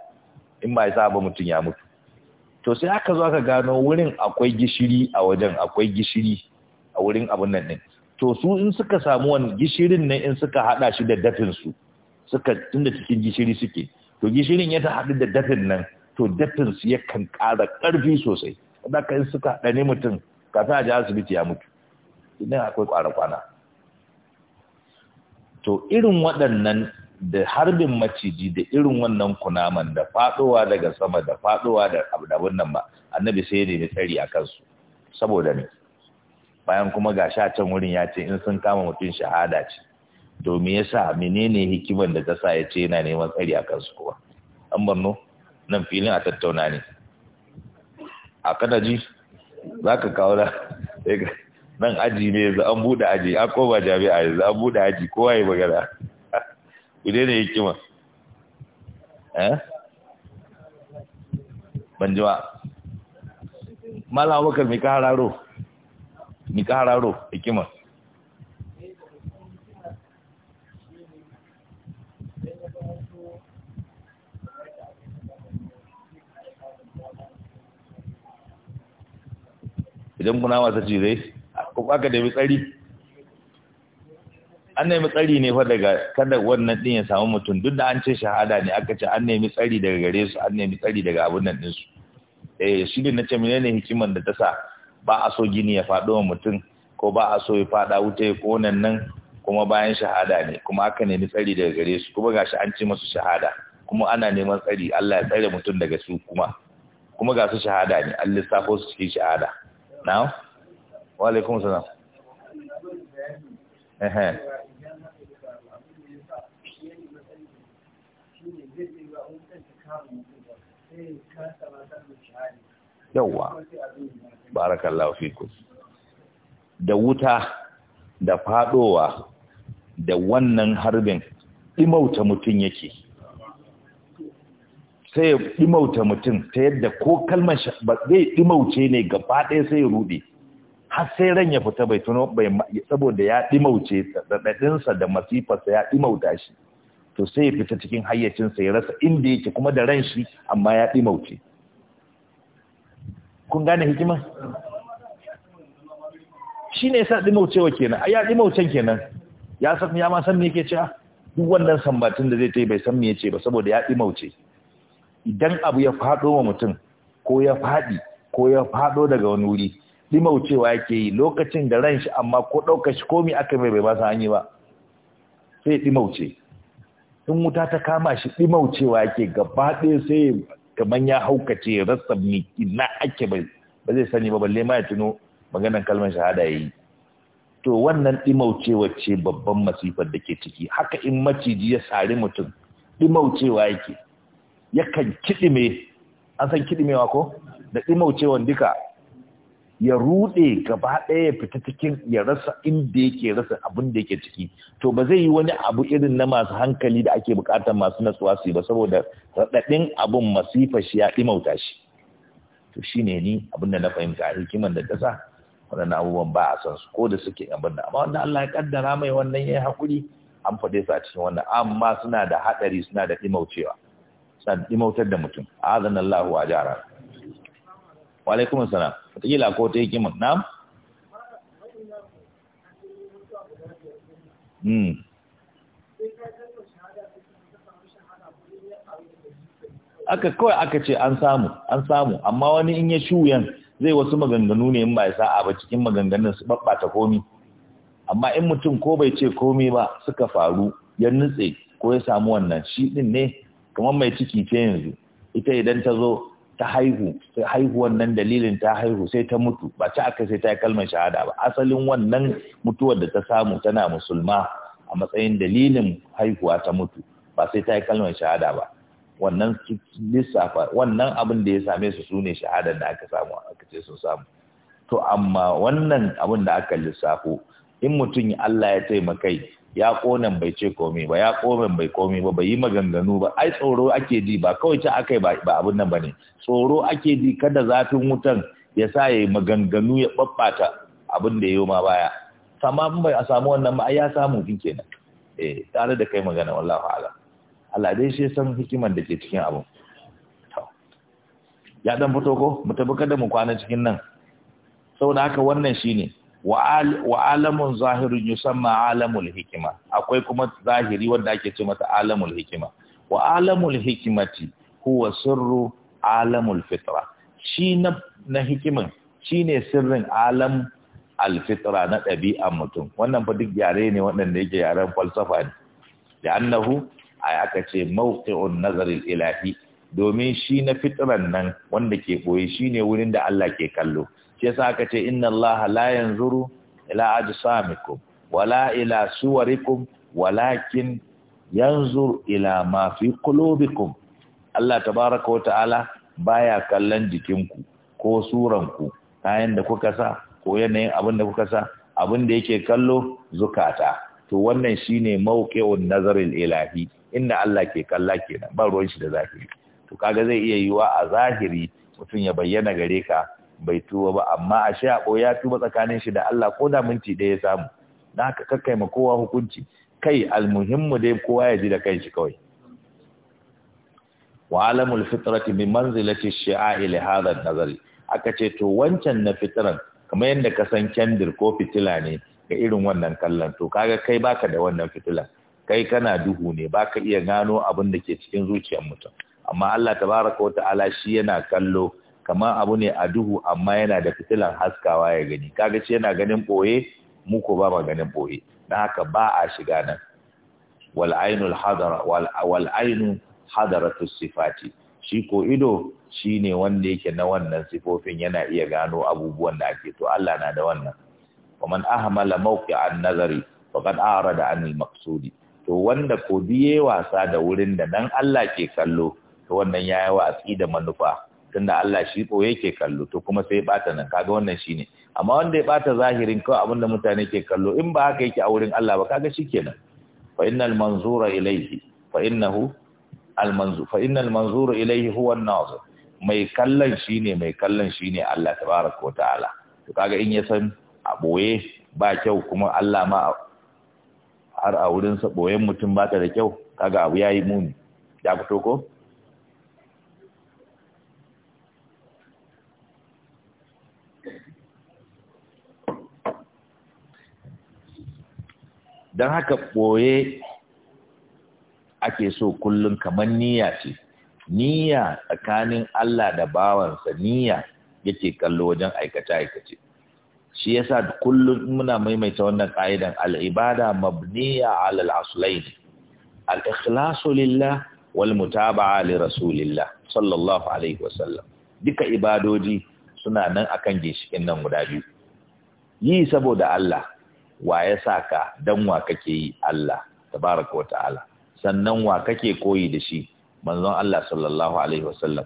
[SPEAKER 1] in ba isa ba mutum ya mutu to sai aka zo aka gano wurin akwai gishiri a wajen akwai gishiri a wurin abun nan din to su in suka samu wani gishirin nan in suka hada shi da dafin su suka tunda cikin gishiri suke to gishirin ya ta hadu da dafin nan to dafin su yakan kara karfi sosai kada in suka hada ne mutum kafin a ji asibiti ya mutu idan akwai kwana-kwana to irin waɗannan da harbin maciji da irin wannan kunaman da faɗowa daga sama da faɗowa da abu nan ba annabi sai ne da tsari a kansu saboda ne bayan kuma ga sha can wurin ya ce in sun kama mutum shahada ce to me yasa menene hikiman da ta ya ce yana neman tsari a kansu kuwa. an barno nan filin a tattauna ne a kada za ka kawo da nan aji ne yanzu an buɗe aji an koma jami'a yanzu an buɗe aji kowa ya magana ku daina hikima eh ban ji ba malam abubakar mai hararo mai hararo hikima idan kuna ci zai ko aka da tsari an nemi tsari ne fa daga kada wannan din ya samu mutum duk da an ce shahada ne aka ce an nemi tsari daga gare su an nemi tsari daga abun nan din su eh shi ne nace menene hikiman da ta sa ba a so gini ya fado wa mutum ko ba a so ya fada wuta ya ko nan kuma bayan shahada ne kuma aka nemi tsari daga gare su kuma gashi an ce masu shahada kuma ana neman tsari Allah ya tsare mutum daga su kuma kuma ga su shahada ne Allah ya sa su cikin shahada na'am wa alaikum yawwa barakallahu fikum da wuta da fadowa da wannan harbin imauta mutum yake sai imauta mutum ta yadda ko kalmar ba zai imauce ne gaba ɗaya sai ya rude har sai ran ya fita bai tuno bai saboda ya dimauce dadadinsa da masifarsa ya dimauta shi to sai ya fita cikin hayyacinsa ya rasa inda yake kuma da ran shi amma ya dimauce kun gane hikima shine yasa dimaucewa kenan ai ya dimaucen kenan ya san ya ma san me yake cewa duk wannan sambatin da zai ta yi bai san me yace ba saboda ya dimauce idan abu ya fado wa mutum ko ya faɗi, ko ya faɗo daga wani wuri limaucewa yake yi lokacin da ran shi amma ko ɗaukar shi komi aka mai bai ba hanyi ba sai limauce in wuta ta kama shi limaucewa yake gaba ɗaya sai kamar ya haukace rasa miki na ake bai ba zai sani ba balle ma ya tuno maganar kalmar shahada ya yi. to wannan limaucewa ce babban masifar da ke ciki haka in maciji ya sari mutum ɗimaucewa yake yakan kiɗime an san kiɗimewa ko da ɗimaucewan duka ya rude gaba ɗaya ya fita cikin ya rasa inda yake rasa abin da yake ciki to ba zai yi wani abu irin na masu hankali da ake bukatar masu natsuwa su ba saboda raɗaɗin abin masifa shi ya ɗimauta shi to shi ne ni abin da na fahimta a hikiman da ƙasa sa waɗannan abubuwan ba a san su ko da suke abin da amma wanda Allah ya kaddara mai wannan yayi hakuri an fade sa a cikin wannan amma suna da haɗari suna da ɗimaucewa suna ɗimautar da mutum azanallahu ajara wa alaikum assalam wataƙila ko ta hikimar na hmm. aka kawai aka ce an samu an samu amma wani in ya shuyan zai wasu maganganu ne in ba ya sa'a ba cikin maganganun su babbata komi amma in mutum ko bai ce komi ba suka faru ya nutse ko ya samu wannan shi ɗin ne kamar mai ciki ce yanzu ita idan ta zo ta haihu sai haihuwan nan dalilin ta haihu sai ta mutu ba ta aka sai ta yi kalmar shahada ba asalin wannan mutuwar da ta samu tana musulma a matsayin dalilin haihuwa ta mutu ba sai ta yi kalmar shahada ba wannan lissafa wannan abin da ya same su sune shahada da aka samu aka ce sun samu to amma wannan abin da aka lissafo in mutum Allah ya taimakai ya konan bai ce komai ba ya komen bai komai ba bai yi maganganu ba ai tsoro ake ji ba kawai ta akai ba abun nan bane tsoro ake ji kada zafin wutan ya sa ya maganganu ya babbata abin da yayi ma baya amma in bai a samu wannan ba ai ya samu kenan eh tare da kai magana wallahi ala Allah dai shi san hikimar da ke cikin abin ya dan fito ko mu tabbata da mu kwana cikin nan saboda haka wannan shine wa alamun zahirun yusamma alamul hikima akwai kuma zahiri wanda ake ce mata alamul hikima wa alamul hikimati huwa sirru alamul fitra shi na na hikimin shine sirrin alam alfitra na ɗabi'an mutum wannan fa duk yare ne waɗanda yake yaren falsafa ne da annahu a aka ce mawqi'un nazarin ilahi domin shi na fitran nan wanda ke boye shine wurin da Allah ke kallo shi yasa aka ce inna allaha la yanzuru ila ajsamikum wala ila suwarikum walakin yanzur ila ma fi qulubikum Allah tabaraka wa ta'ala baya kallon jikinku ko suranku kayan da kuka sa ko yanayin abin da kuka sa abin da yake kallo zukata to wannan shine mawqi'un nazarin ilahi inda Allah ke kalla kenan ba ruwan shi da zahiri to kaga zai iya yiwa a zahiri mutum ya bayyana gare ka bai tuba ba amma a sha ya tuba tsakanin shi da Allah ko da minti ɗaya ya samu na haka kakkai ma kowa hukunci kai almuhimmu dai kowa ya ji da kanshi kawai wa alamul fitrati bi manzilati shi'a'i li hadha an-nazari aka ce to wancan na fitran kamar yadda ka san kendir ko fitila ne ga irin wannan kallon to kaga kai baka da wannan fitila kai kana duhu ne baka iya gano abin da ke cikin zuciyar mutum amma Allah tabaraka wa ta'ala shi yana kallo kamar abu ne a duhu amma yana da fitilan haskawa ya gani kaga ce yana ganin boye mu ko ba ma ganin boye dan haka ba a shiga nan wal ainul hadara wal hadaratu sifati shi ko ido shine wanda yake na wannan sifofin yana iya gano abubuwan da ake to Allah na da wannan waman ahmala an nazari faqad arada 'anil maqsudi to wanda ko biye wasa da wurin da dan Allah ke kallo to wannan yayi wa da manufa tunda Allah shi ɓoye yake kallo to kuma sai bata nan kaga wannan shine amma wanda ya bata zahirin ko abin da mutane ke kallo in ba haka yake a wurin Allah ba kaga shikenan fa innal manzura ilayhi fa innahu al manzu fa innal manzura ilayhi huwa an-nazir mai kallon shine mai kallon shine Allah tabaraka wa ta'ala to kaga in ya san a ɓoye ba kyau kuma Allah ma har a wurin sa boyen mutum ba ta da kyau kaga abu yayi muni ya fito ko don haka ɓoye ake so kullum kamar niyya ce niyya tsakanin Allah da bawansa niyya yake kallo wajen aikace-aikace shi yasa kullum muna maimaita wannan ka'idan al'ibada mabniya alal aslain al-ikhlasu lillah wal mutaba'a li rasulillah sallallahu alaihi wasallam duka ibadoji suna nan akan ginshikin nan guda biyu yi saboda Allah wa ya sa ka dan wa kake yi Allah tabaraka wa ta'ala sannan wa kake koyi da shi manzon Allah sallallahu alaihi wasallam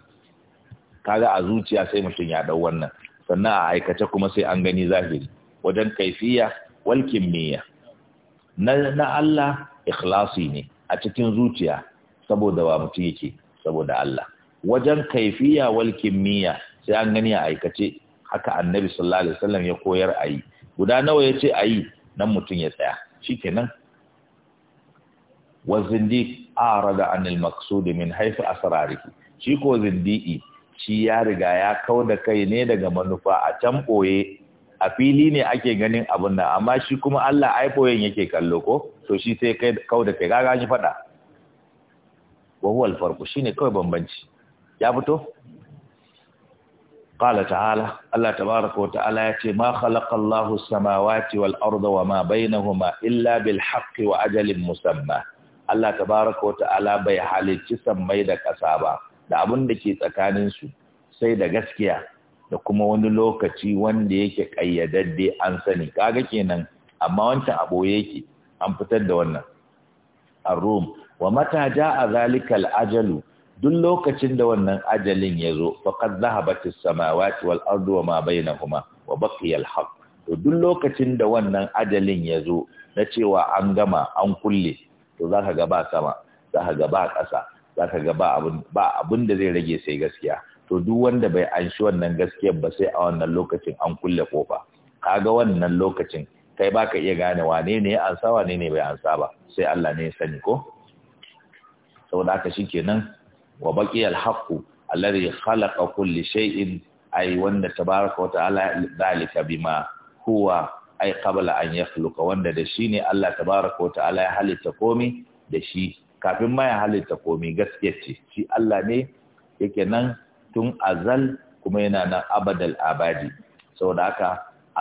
[SPEAKER 1] kaga a zuciya sai mutum ya dau wannan sannan a aikace kuma sai an gani zahiri wajen kaifiya wal miya. na Allah ikhlasi ne a cikin zuciya saboda wa mutum yake saboda Allah wajen kaifiya walkin miya sai an gani a aikace haka annabi sallallahu alaihi wasallam ya koyar ayi guda nawa ya ce a yi? nan mutum ya tsaya shi shikenan wa zindiq da anil maksudi min haythu asrarihi shi ko zindiqi shi ya riga ya kau da kai ne daga manufa a can ɓoye a fili ne ake ganin abin nan amma shi kuma Allah ai ɓoyen yake kallo ko to shi sai kai kau da kai gaga shi fada wahuwal farko shi ne kawai bambanci ya fito qala ta'ala Allah tabaaraka wa ya ce ma khalaqa Allahu samawati wal arda wa ma bainahuma illa bil haqqi wa ajalin musamma Allah tabaaraka wa ta'ala bai halicci sammai da ƙasa ba da abin da ke tsakanin su sai da gaskiya da kuma wani lokaci wanda yake kayyadadde an sani kaga kenan amma wancan a boye yake an fitar da wannan ar wa mata a zalikal ajalu duk lokacin da wannan ajalin ya zo faqad zahabat as-samawati wal ardu wa ma bainahuma wa baqiya al to duk lokacin da wannan ajalin ya zo na cewa an gama an kulle to zaka ga ba sama zaka ga ba ƙasa zaka ga ba ba abin da zai rage sai gaskiya to duk wanda bai anshi wannan gaskiyar ba sai a wannan lokacin an kulle kofa kaga wannan lokacin kai baka iya gane wane ne ya ansa wane ne bai ansa ba sai Allah ne ya sani ko saboda haka shikenan wa baqiya al-haqqu alladhi khalaqa kulli shay'in ay wanda tabaraka wa ta'ala zalika bima huwa ay qabla an yakhluqa wanda da shi ne Allah tabaraka wa ta'ala ya halitta komai da shi kafin ma ya halitta komai gaskiya ce shi Allah ne yake nan tun azal kuma yana nan abadal abadi saboda haka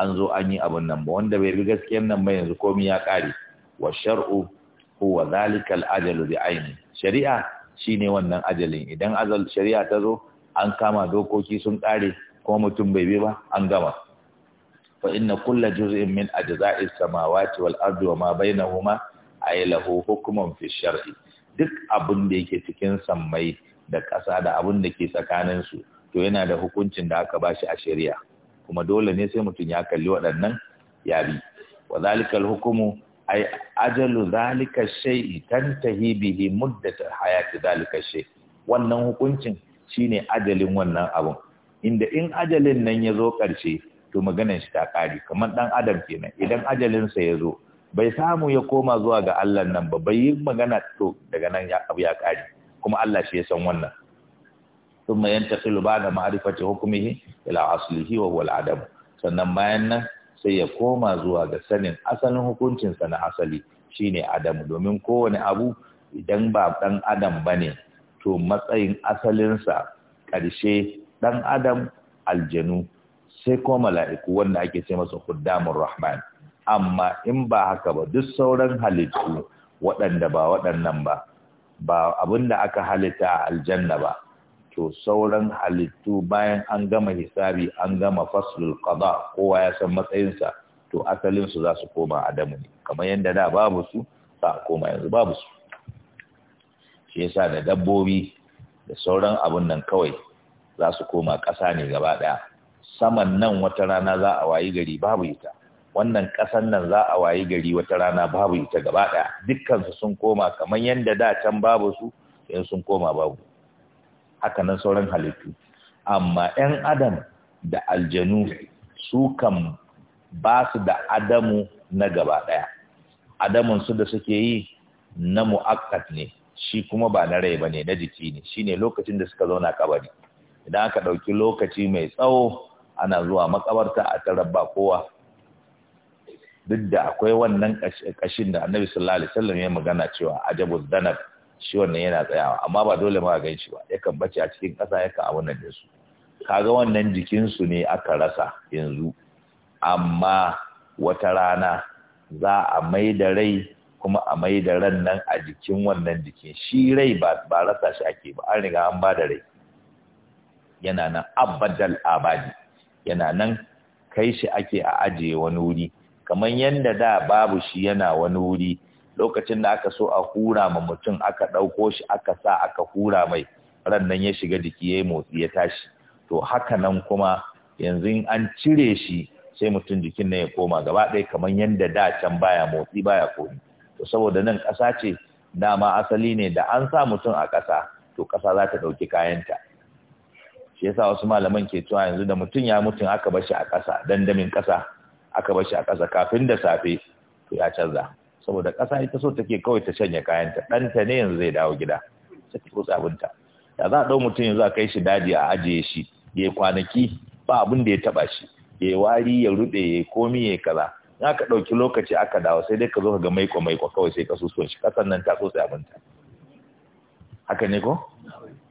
[SPEAKER 1] an zo an yi abin nan ba wanda bai bi gaskiyar nan ba yanzu komai ya kare wa shar'u huwa zalika al-ajalu bi aini shari'a Shi ne wannan ajalin idan azal shari'a ta zo an kama dokoki sun ƙare kuma mutum bai bi ba an gama fa inna kulla juz'in min ajza'i samawati wal ardi wa ma bainahuma ay lahu hukmun fi shar'i duk abin da yake cikin sammai da ƙasa da abin da ke tsakanin su to yana da hukuncin da aka bashi a shari'a kuma dole ne sai mutum ya kalli waɗannan ya bi wa zalikal hukumu ay ajalu zalika shay'i tantahi bihi muddat hayati zalika shay wannan hukuncin shine ajalin wannan abun inda in ajalin nan ya zo ƙarshe to maganar shi ta kare kamar dan adam kenan idan ajalinsa ya zo bai samu ya koma zuwa ga Allah nan ba bai yi magana to daga nan ya abu ya kare kuma Allah shi ya san wannan thumma yantaqilu ba'da ma'rifati hukmihi ila aslihi wa huwa al sannan bayan nan sai ya koma zuwa ga sanin asalin hukuncinsa na asali shine Adamu domin kowane abu idan ba dan Adam bane, to matsayin asalinsa ƙarshe dan Adam aljanu sai ko mala'iku wanda ake ce masa Kuddamun Rahman amma in ba haka ba duk sauran halittu waɗanda ba waɗannan ba ba abinda aka halitta a aljanna ba to sauran halittu bayan an gama hisabi an gama faslul qada kowa ya san matsayinsa to asalin su za su koma adamu ne kamar yadda da babu su a koma yanzu babu su shi yasa da dabbobi da sauran abun nan kawai za su koma ƙasa ne gaba ɗaya saman nan wata rana za a wayi gari babu ita wannan ƙasan nan za a wayi gari wata rana babu ita gaba ɗaya dukkansu sun koma kamar yadda da can babu su yanzu sun koma babu haka nan sauran halittu amma 'yan adam da aljanu su kan ba su da adamu na gaba ɗaya adamun su da suke yi na mu'akkat ne shi kuma ba na rai ba ne na jiki ne shi ne lokacin da suka zauna kabari idan aka ɗauki lokaci mai tsawo ana zuwa makabarta a tarar ba kowa duk da akwai wannan ƙashin da annabi sallallahu alaihi wasallam ya magana cewa ajabu danab shi wannan yana tsayawa amma ba dole ma gan shi ba yakan bace a cikin ƙasa yakan abin nan dinsu kaga wannan jikinsu ne aka rasa yanzu amma wata rana za a mai da rai kuma a mai da ran nan a jikin wannan jikin shi rai ba rasa shi ake ba an riga an ba da rai yana nan abadal abadi yana nan kai shi ake a ajiye wani wuri kamar yadda da babu shi yana wani wuri lokacin da aka so a hura ma mutum aka ɗauko shi aka sa aka hura mai rannan ya shiga jiki ya yi motsi ya tashi to haka nan kuma yanzu an cire shi sai mutum jikin nan ya koma gaba ɗaya kamar yadda da can baya motsi baya komi to saboda nan ƙasa ce dama asali ne da an sa mutum a ƙasa to ƙasa za ta ɗauki kayanta shi yasa wasu malaman ke cewa yanzu da mutum ya mutum aka bar shi a ƙasa dandamin ƙasa aka bar shi a ƙasa kafin da safe to ya canza saboda ƙasa ita so take kawai ta shanye kayanta ɗanta ne yanzu zai dawo gida sai ta kusa abinta da za a ɗau mutum yanzu a kai shi daji a ajiye shi ya kwanaki ba abin da ya taɓa shi ya wari ya ruɗe ya komi ya kaza in aka ɗauki lokaci aka dawo sai dai ka zo ka ga maiko maiko kawai sai ka so shi ƙasan nan ta tsotse abinta haka ne ko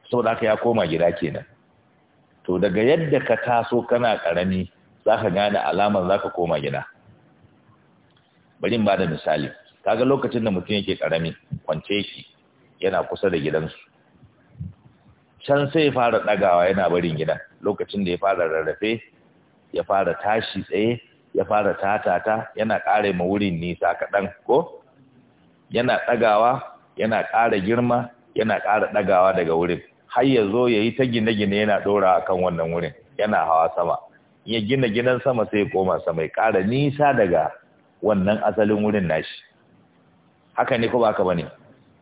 [SPEAKER 1] saboda haka ya koma gida kenan to daga yadda ka taso kana ƙarami za ka gane alamar za ka koma gida bari ba da misali kaga lokacin da mutum yake karami kwance shi yana kusa da gidansu can sai ya fara ɗagawa yana barin gida. lokacin da ya fara rarrafe ya fara tashi tsaye ya fara tatata yana ƙara ma wurin nisa kaɗan ko yana ɗagawa yana ƙara girma yana ƙara ɗagawa daga wurin har ya zo ya yi ta gine-gine yana ɗora a kan wannan wurin yana hawa sama ya gina gidan sama sai ya koma sama ya ƙara nisa daga wannan asalin wurin nashi haka ne ko ba haka bane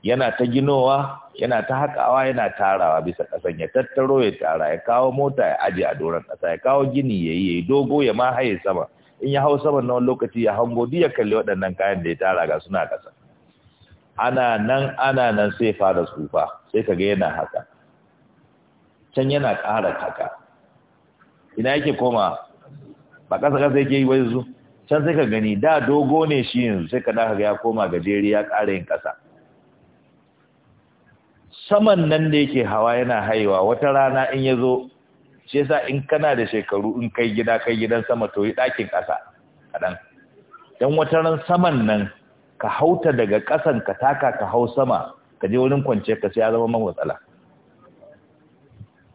[SPEAKER 1] yana ta ginowa yana ta hakawa yana tarawa bisa ƙasan ya tattaro ya tara ya kawo mota ya aje a doron kasa ya kawo gini ya yi dogo ya ma haye sama in ya hau sama na wani lokaci ya hango duk ya kalli waɗannan kayan da ya tara ga suna ƙasa ana nan ana nan sai fara tsufa sai kaga yana haka can yana ƙara haka ina yake koma ba ƙasa ƙasa yake yi wai zuwa can sai ka gani da dogo ne shi yanzu sai ka daga ya koma gajeri ya ƙara yin ƙasa saman nan da yake hawa yana haiwa wata rana in ya zo shi yasa in kana da shekaru in kai gida kai gidan sama to yi ɗakin ƙasa kaɗan don wata ran saman nan ka hauta daga ƙasan ka taka ka hau sama ka je wurin kwance ka sai ya zama matsala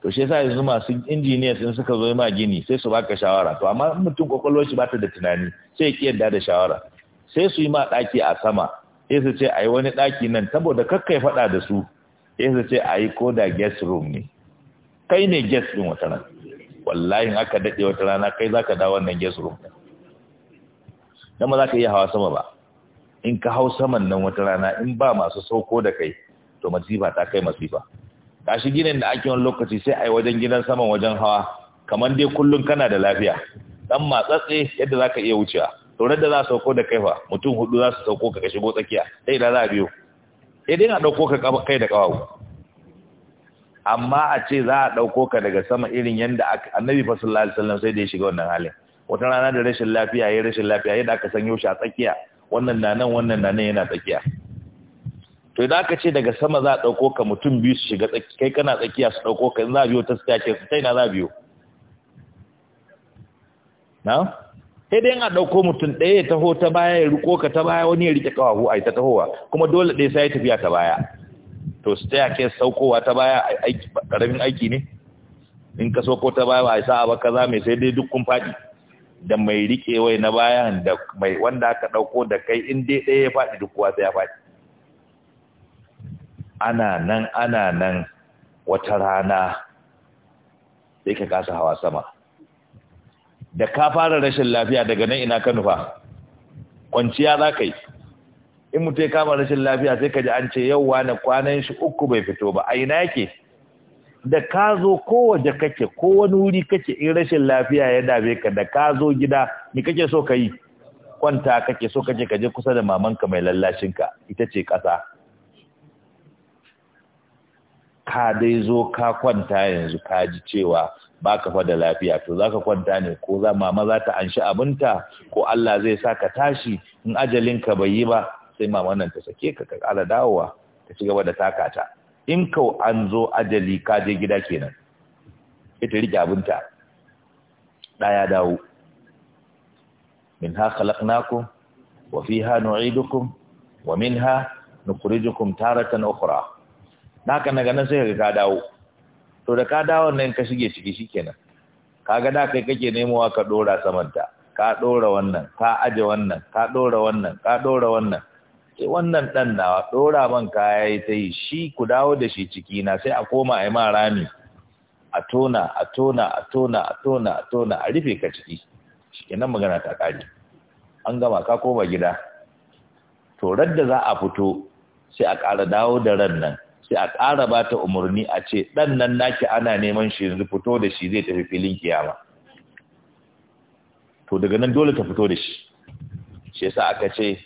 [SPEAKER 1] to shi yasa yanzu masu injiniya sun suka zo ma gini sai su baka shawara to amma mutum kwakwalwar shi bata da tunani sai ya kiyarda da shawara sai su yi ma daki a sama sai su ce ayi wani daki nan saboda kakkai fada da su sai su ce ayi ko da guest room ne kai ne guest din wata rana wallahi in aka dade wata rana kai zaka da wannan guest room dan ba zaka iya hawa sama ba in ka hau saman nan wata rana in ba masu sauko da kai to masifa ta kai masifa gashi ginin da ake wani lokaci sai a yi wajen gidan saman wajen hawa kamar dai kullum kana da lafiya dan matsatse yadda za ka iya wucewa to da za su sauko da kaifa mutum hudu za su sauko ka shigo tsakiya sai da za a biyo sai dai na dauko ka kai da ƙawa. amma a ce za a dauko ka daga sama irin yanda annabi fa sallallahu alaihi wasallam sai da ya shiga wannan halin wata rana da rashin lafiya ya rashin lafiya yadda aka sanyo shi a tsakiya wannan na nan wannan na nan yana tsakiya to idan aka ce daga sama za a ɗauko ka mutum biyu su shiga tsaki kai kana tsakiya su ɗauko ka in za a biyo ta staircase su ta za a biyo na sai dai a ɗauko mutum ɗaya ya taho ta baya ya riko ka ta baya wani ya rike kawahu a ta tahowa kuma dole ɗaya sai ya tafiya ta baya to ke saukowa ta baya ƙaramin aiki ne in ka sauko ta baya ba a sa ba kaza mai sai dai duk kun faɗi da mai rike wai na bayan da mai wanda aka ɗauko da kai in dai ɗaya ya faɗi duk kowa sai ya faɗi ana nan ana nan wata rana sai ka kasa hawa sama da ka fara rashin lafiya daga nan ina ka nufa kwanciya za ka yi in mutu ya kama rashin lafiya sai ka ji an ce yau wani kwanan shi uku bai fito ba a ina yake da ka zo kowace kake ko wuri kake in rashin lafiya ya dabe ka da ka zo gida ni kake so ka yi kwanta kake so kake ka je kusa da mamanka mai lallashinka ita ce ƙasa ka dai zo ka kwanta yanzu ka ji cewa baka fa da lafiya to zaka kwanta ne ko za mama za ta anshi abinta ko Allah zai sa ka tashi in ajalin ka bai yi ba sai mama nan ta sake ka ka ala dawowa ka ci gaba da takata in kau an zo ajali ka je gida kenan ita rike abinta ɗaya dawo min ha khalaqnakum wa fiha nu'idukum wa minha nukhrijukum taratan ukhra da na daga nan sai ka dawo to da ka dawo nan ka shige ciki shikenan kaga da kai kake nemowa ka dora samanta ka dora wannan ka aje wannan ka dora wannan ka dora wannan sai eh, wannan dan nawa dora man kaya yi ta yi shi ku dawo da shi ciki na sai a koma a ma rami a tona a tona a tona a tona a tona a rufe ka ciki shikenan magana ta kare an gama ka koma gida to radda za a fito sai a ƙara dawo da ran nan sai a ƙara ba ta umarni a ce ɗan nan naki ana neman shi yanzu fito da shi zai tafi filin kiyama to daga nan dole ta fito da shi shi yasa aka ce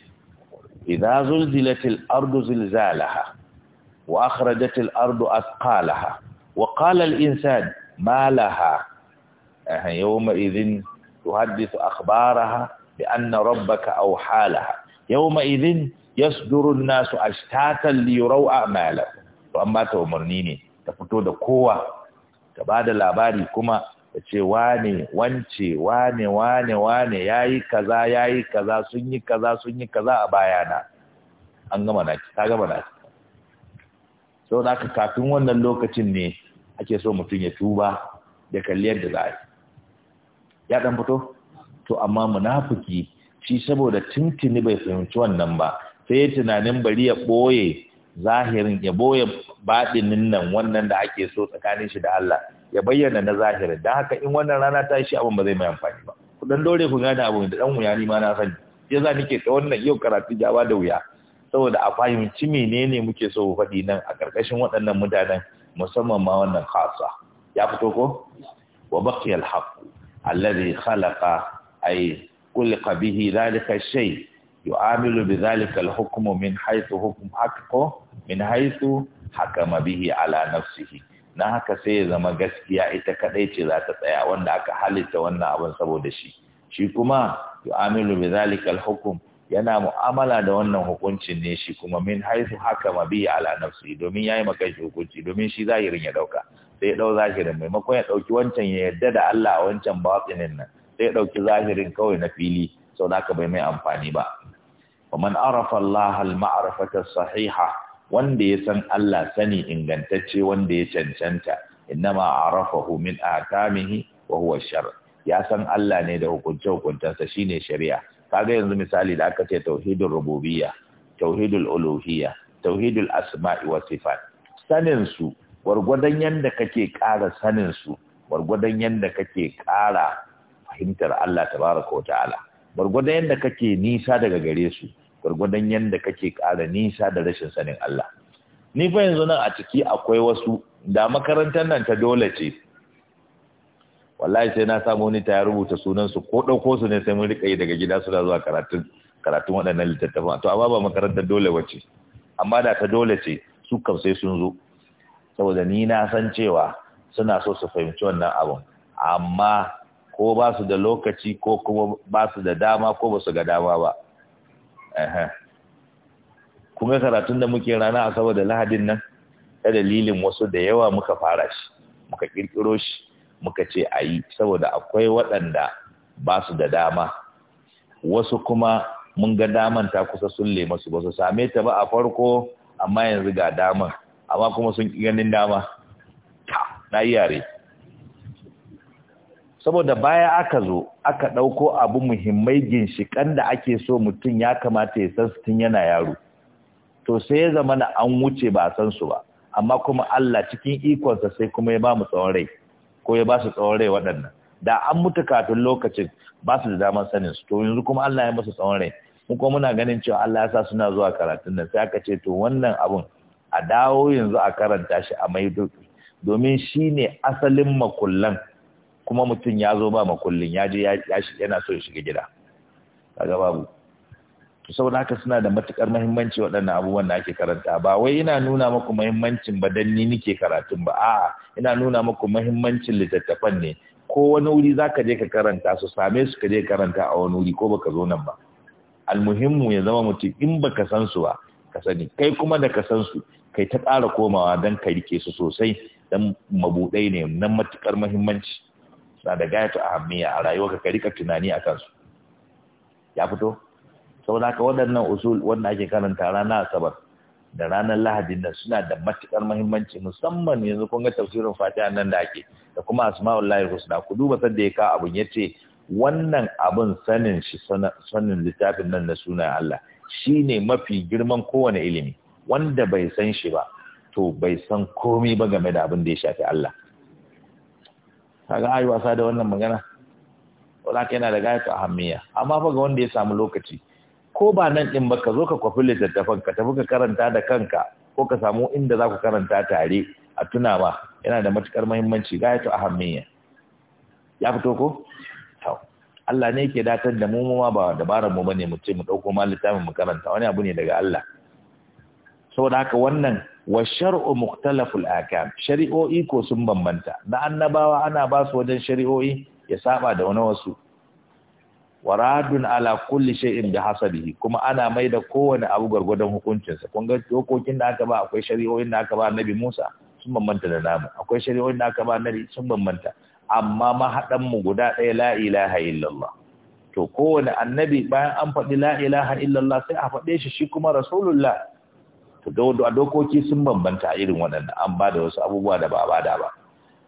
[SPEAKER 1] idza zulzilatil ardu zilzalaha wa akhrajatil ardu athqalaha wa qala al insan ma laha yawma idhin tuhaddithu akhbaraha bi anna rabbaka awhalaha yawma idhin yasduru an-nasu ashtatan li a'malahum to an ba ta umarni ne ta fito da kowa ta ba da labari kuma ta ce wane wance wane wane wane ya yi kaza ya yi kaza sun yi kaza sun yi kaza a bayana an gama na ta gama na sau da aka kafin wannan lokacin ne ake so mutum ya tuba da kalli yadda za a yi ya dan fito to amma munafuki shi saboda tuntuni bai fahimci wannan ba sai tunanin bari ya ɓoye zahirin ya boye baɗinin nan wannan da ake so tsakanin shi da Allah ya bayyana na zahirin don haka in wannan rana ta shi abin ba zai mai amfani ba kudan dore ku gane abin da dan wuya ni ma na sani ya za nike ta wannan yau karatu jawa da wuya saboda a fahimci menene muke so faɗi nan a ƙarƙashin waɗannan mutanen musamman ma wannan kasa ya fito ko wa baqiya haqq alladhi khalaqa ay kulqa bihi dhalika shay yu'amilu bi zalika al-hukmu min haythu hukm haqqo min haythu hakama bihi ala nafsihi na haka sai ya zama gaskiya ita kadai ce za ta tsaya wanda aka halitta wannan abin saboda shi shi kuma yu'amilu bi zalika hukm yana mu'amala da wannan hukuncin ne shi kuma min haisu haka bihi ala nafsihi domin yayi maka hukunci domin shi zahirin ya dauka sai dau zahirin maimakon ya dauki wancan ya yadda da Allah a wancan batinin nan sai ɗauki dauki zahirin kawai na fili sau da bai mai amfani ba ومن عرف الله المعرفة sahiha wanda ya san Allah sani ingantacce wanda ya cancanta innama arafahu min atamihi wa huwa shar ya san Allah ne da hukunce hukuntansa shine shari'a kaga yanzu misali da aka ce Tauhidur rububiyya tauhidul uluhiyya tauhidul asma'i wa sifat sanin su gwargwadon yanda kake ƙara sanin su gwargwadon yanda kake ƙara fahimtar Allah tabaraka wa ta'ala gwargwadon yanda kake nisa daga gare su gwargwadon yadda kake ƙara nisa da rashin sanin Allah ni fa yanzu nan a ciki akwai wasu da makarantar nan ta dole ce wallahi sai na samu wani ta rubuta sunansu ko ɗauko su ne sai mun rika yi daga gida suna zuwa karatun karatun waɗannan littattafan to amma ba makarantar dole wace amma da ta dole ce su kam sai sun zo saboda ni na san cewa suna so su fahimci wannan abun amma ko ba su da lokaci ko kuma ba su da dama ko ba su ga dama ba kun ga karatun da muke rana a saboda lahadin nan ta dalilin wasu da yawa muka fara shi muka kirkiro shi muka ce a yi saboda akwai waɗanda ba su da dama wasu kuma mun ga daman ta kusa sun masu ba su same ta ba a farko amma yanzu ga daman amma kuma sun ganin dama na yi yare saboda baya aka zo aka ɗauko abu muhimmai ginshiƙan da ake so mutum ya kamata ya san tun yana yaro to sai ya zama na an wuce ba a san su ba amma kuma Allah cikin ikonsa sai kuma ya ba mu tsawon rai ko ya ba su tsawon rai waɗannan da an mutu kafin lokacin ba su da daman sanin su to yanzu kuma Allah ya masa tsawon rai mu kuma muna ganin cewa Allah ya sa suna zuwa karatun nan sai aka ce to wannan abun a dawo yanzu a karanta shi a maido domin shine asalin makullan kuma mutum ya zo ba makullin ya je yana so ya shiga gida kaga babu to saboda haka suna da matukar muhimmanci waɗannan abubuwan da ake karanta ba wai ina nuna maku muhimmancin ba ni nike karatun ba a'a ina nuna maku muhimmancin littattafan ne ko wani wuri zaka je ka karanta su same su ka je karanta a wani wuri ko baka zo nan ba almuhimmu ya zama mutum in baka san su ba ka sani kai kuma da ka san su kai ta ƙara komawa dan ka rike su sosai dan mabuɗai ne na matukar muhimmanci na da ta ahammiya a rayuwa ka rika tunani a kansu ya fito sauraka waɗannan usul wanda ake karanta rana asabar da ranar lahadin nan suna da matuƙar mahimmanci musamman yanzu kun ga tafsirin fatiha nan da ake da kuma asmaul asma'ullahi husna ku duba sanda ya kawo abun ya ce. wannan abun sanin shi sanin littafin nan na sunan Allah shine mafi girman kowane ilimi wanda bai san shi ba to bai san komai ba game da abin da ya shafi Allah kaga ayi wasa da wannan magana wala yana da gayatu ahammiya amma fa ga wanda ya samu lokaci ko ba nan din ba ka zo ka kwafi littattafan ka tafi ka karanta da kanka ko ka samu inda za ku karanta tare a tuna ba yana da matukar muhimmanci gayatu ahammiya ya fito ko to Allah ne yake datar da mu mu ba dabarar mu bane mu ce mu dauko ma mu karanta wani abu ne daga Allah saboda haka wannan wa shar'u mukhtalaful akam shari'o'i ko sun bambanta na annabawa ana ba su wajen shari'o'i ya saba da wani wasu waradun ala kulli shay'in bi hasabihi kuma ana mai da kowane abu gwargwadon hukuncinsa kun ga dokokin da aka ba akwai shari'o'in da aka ba annabi Musa sun bambanta da namu akwai shari'o'in da aka ba annabi sun bambanta amma mahadan mu guda ɗaya la ilaha illallah to kowane annabi bayan an faɗi la ilaha illallah sai a faɗe shi shi kuma rasulullah to ga dokoki sun bambanta a irin waɗannan an ba da wasu abubuwa da ba a da ba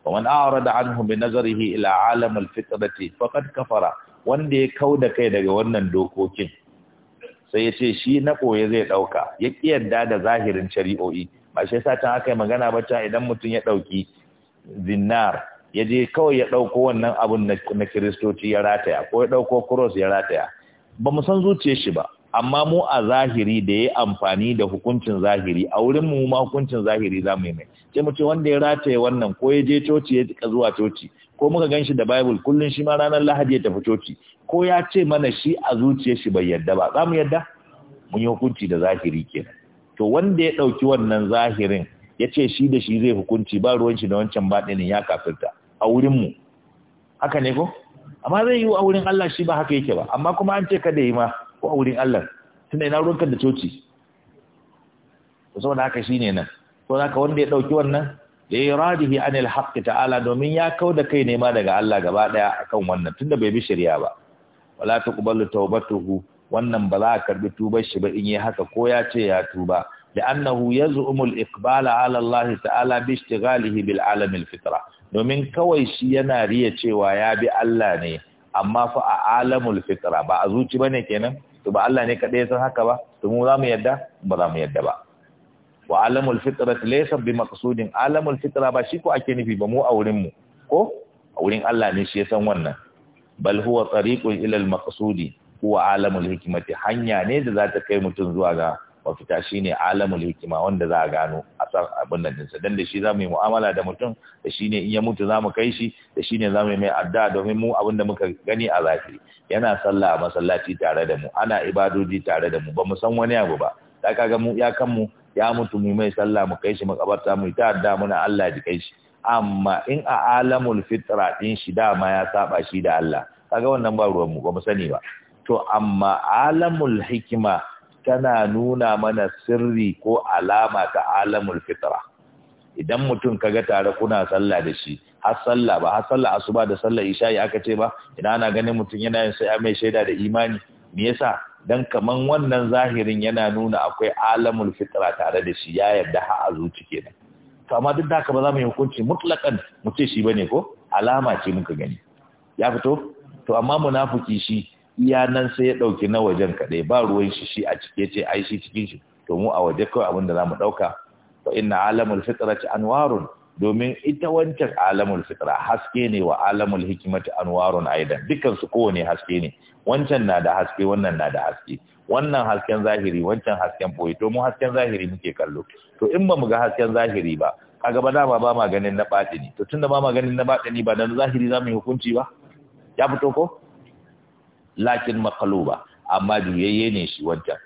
[SPEAKER 1] wa man a'rada anhu bi nazarihi ila alam al-fitrati faqad kafara wanda ya kauda kai daga wannan dokokin sai ya ce shi na koye zai dauka ya kiyarda da zahirin shari'o'i ba shi yasa tan aka yi magana ba ta idan mutum ya dauki zinnar ya je kawai ya dauko wannan abun na kiristoci ya rataya ko ya dauko cross ya rataya ba mu san zuciyar shi ba amma mu a zahiri da ya amfani da hukuncin zahiri a wurin mu ma hukuncin zahiri za mu yi mai sai mu ce wanda ya rataye wannan ko ya je coci ya tika zuwa coci ko muka gan shi da bible kullun shi ma ranar lahadi ya tafi coci ko ya ce mana shi a zuciya shi bai yadda ba za mu yadda mun yi hukunci da zahiri kenan to wanda ya ɗauki wannan zahirin ya ce shi da shi zai hukunci ba ruwan shi da wancan ba ɗinin ya kafirta a wurin mu haka ne ko amma zai yi a wurin Allah shi ba haka yake ba amma kuma an ce kada yi ma ko a wurin Allah tunda ina ruwanka da coci saboda haka shine nan ko zaka wanda ya dauki wannan da iradihi anil haqq ta'ala domin ya da kai nema daga Allah gaba daya akan wannan tunda bai bi shari'a ba wala taqbalu tawbatuhu wannan ba za ka karbi tubar shi ba in yi haka ko ya ce ya tuba Da annahu al-iqbal ala Allah ta'ala bi تعالى bil alamil fitra. domin kawai shi yana riya cewa ya bi Allah ne amma fa a alamul fitra ba a zuci ba ne kenan to ba Allah ne kadai san haka ba to mu zamu yadda ba mu yadda ba wa alamul fitra laysa bi maqsudin alamul fitra ba shi ko ake nufi ba mu a wurin mu ko a wurin Allah ne shi ya san wannan bal huwa tariqun ila al maqsudi huwa alamul hikmati hanya ne da za ta kai mutun zuwa ga mafita ne alamul hikima wanda za a gano a san abin da dinsa dan da shi mu yi mu'amala da mutum da shi ne in ya mutu za mu kai shi da shi ne za mu yi mai addu'a domin mu abin da muka gani a zafi. yana sallah a masallaci tare da mu ana ibadoji tare da mu ba mu san wani abu ba da ga mu ya kan mu ya mutu mu mai sallah mu kai shi makabarta mu ta adda muna Allah ya kai shi amma in a alamul fitra din shi dama ya saba shi da Allah kaga wannan ba ruwan mu ba mu sani ba to amma alamul hikima tana nuna mana sirri ko alama ta alamul fitra idan mutum kaga tare kuna sallah da shi har sallah ba har sallah asuba da sallah isha'i aka ce ba ina ana ganin mutum yana yin sai mai shaida da imani me yasa dan kaman wannan zahirin yana nuna akwai alamul fitra tare da shi ya yarda ha a zuci kenan to amma duk da haka ba za mu yi hukunci mutlakan mu ce shi bane ko alama ce muka gani ya fito to amma munafiki shi iya nan sai ya ɗauki na wajen kaɗai ba ruwan shi shi a cike ce ai shi cikin shi to mu a waje kawai abin da za mu ɗauka fa inna alamul fitrati anwarun domin ita wancan alamul fitra haske ne wa alamul hikimati anwarun aidan dukkan su kowane haske ne wancan na da haske wannan na da haske wannan hasken zahiri wancan hasken boye to mu hasken zahiri muke kallo to in ba mu ga hasken zahiri ba kaga gaba dama ba ma ganin na batini to tunda ba ma ganin na batini ba dan zahiri za mu yi hukunci ba ya fito ko lakin Makaluba. amma juyayye ne shi wancan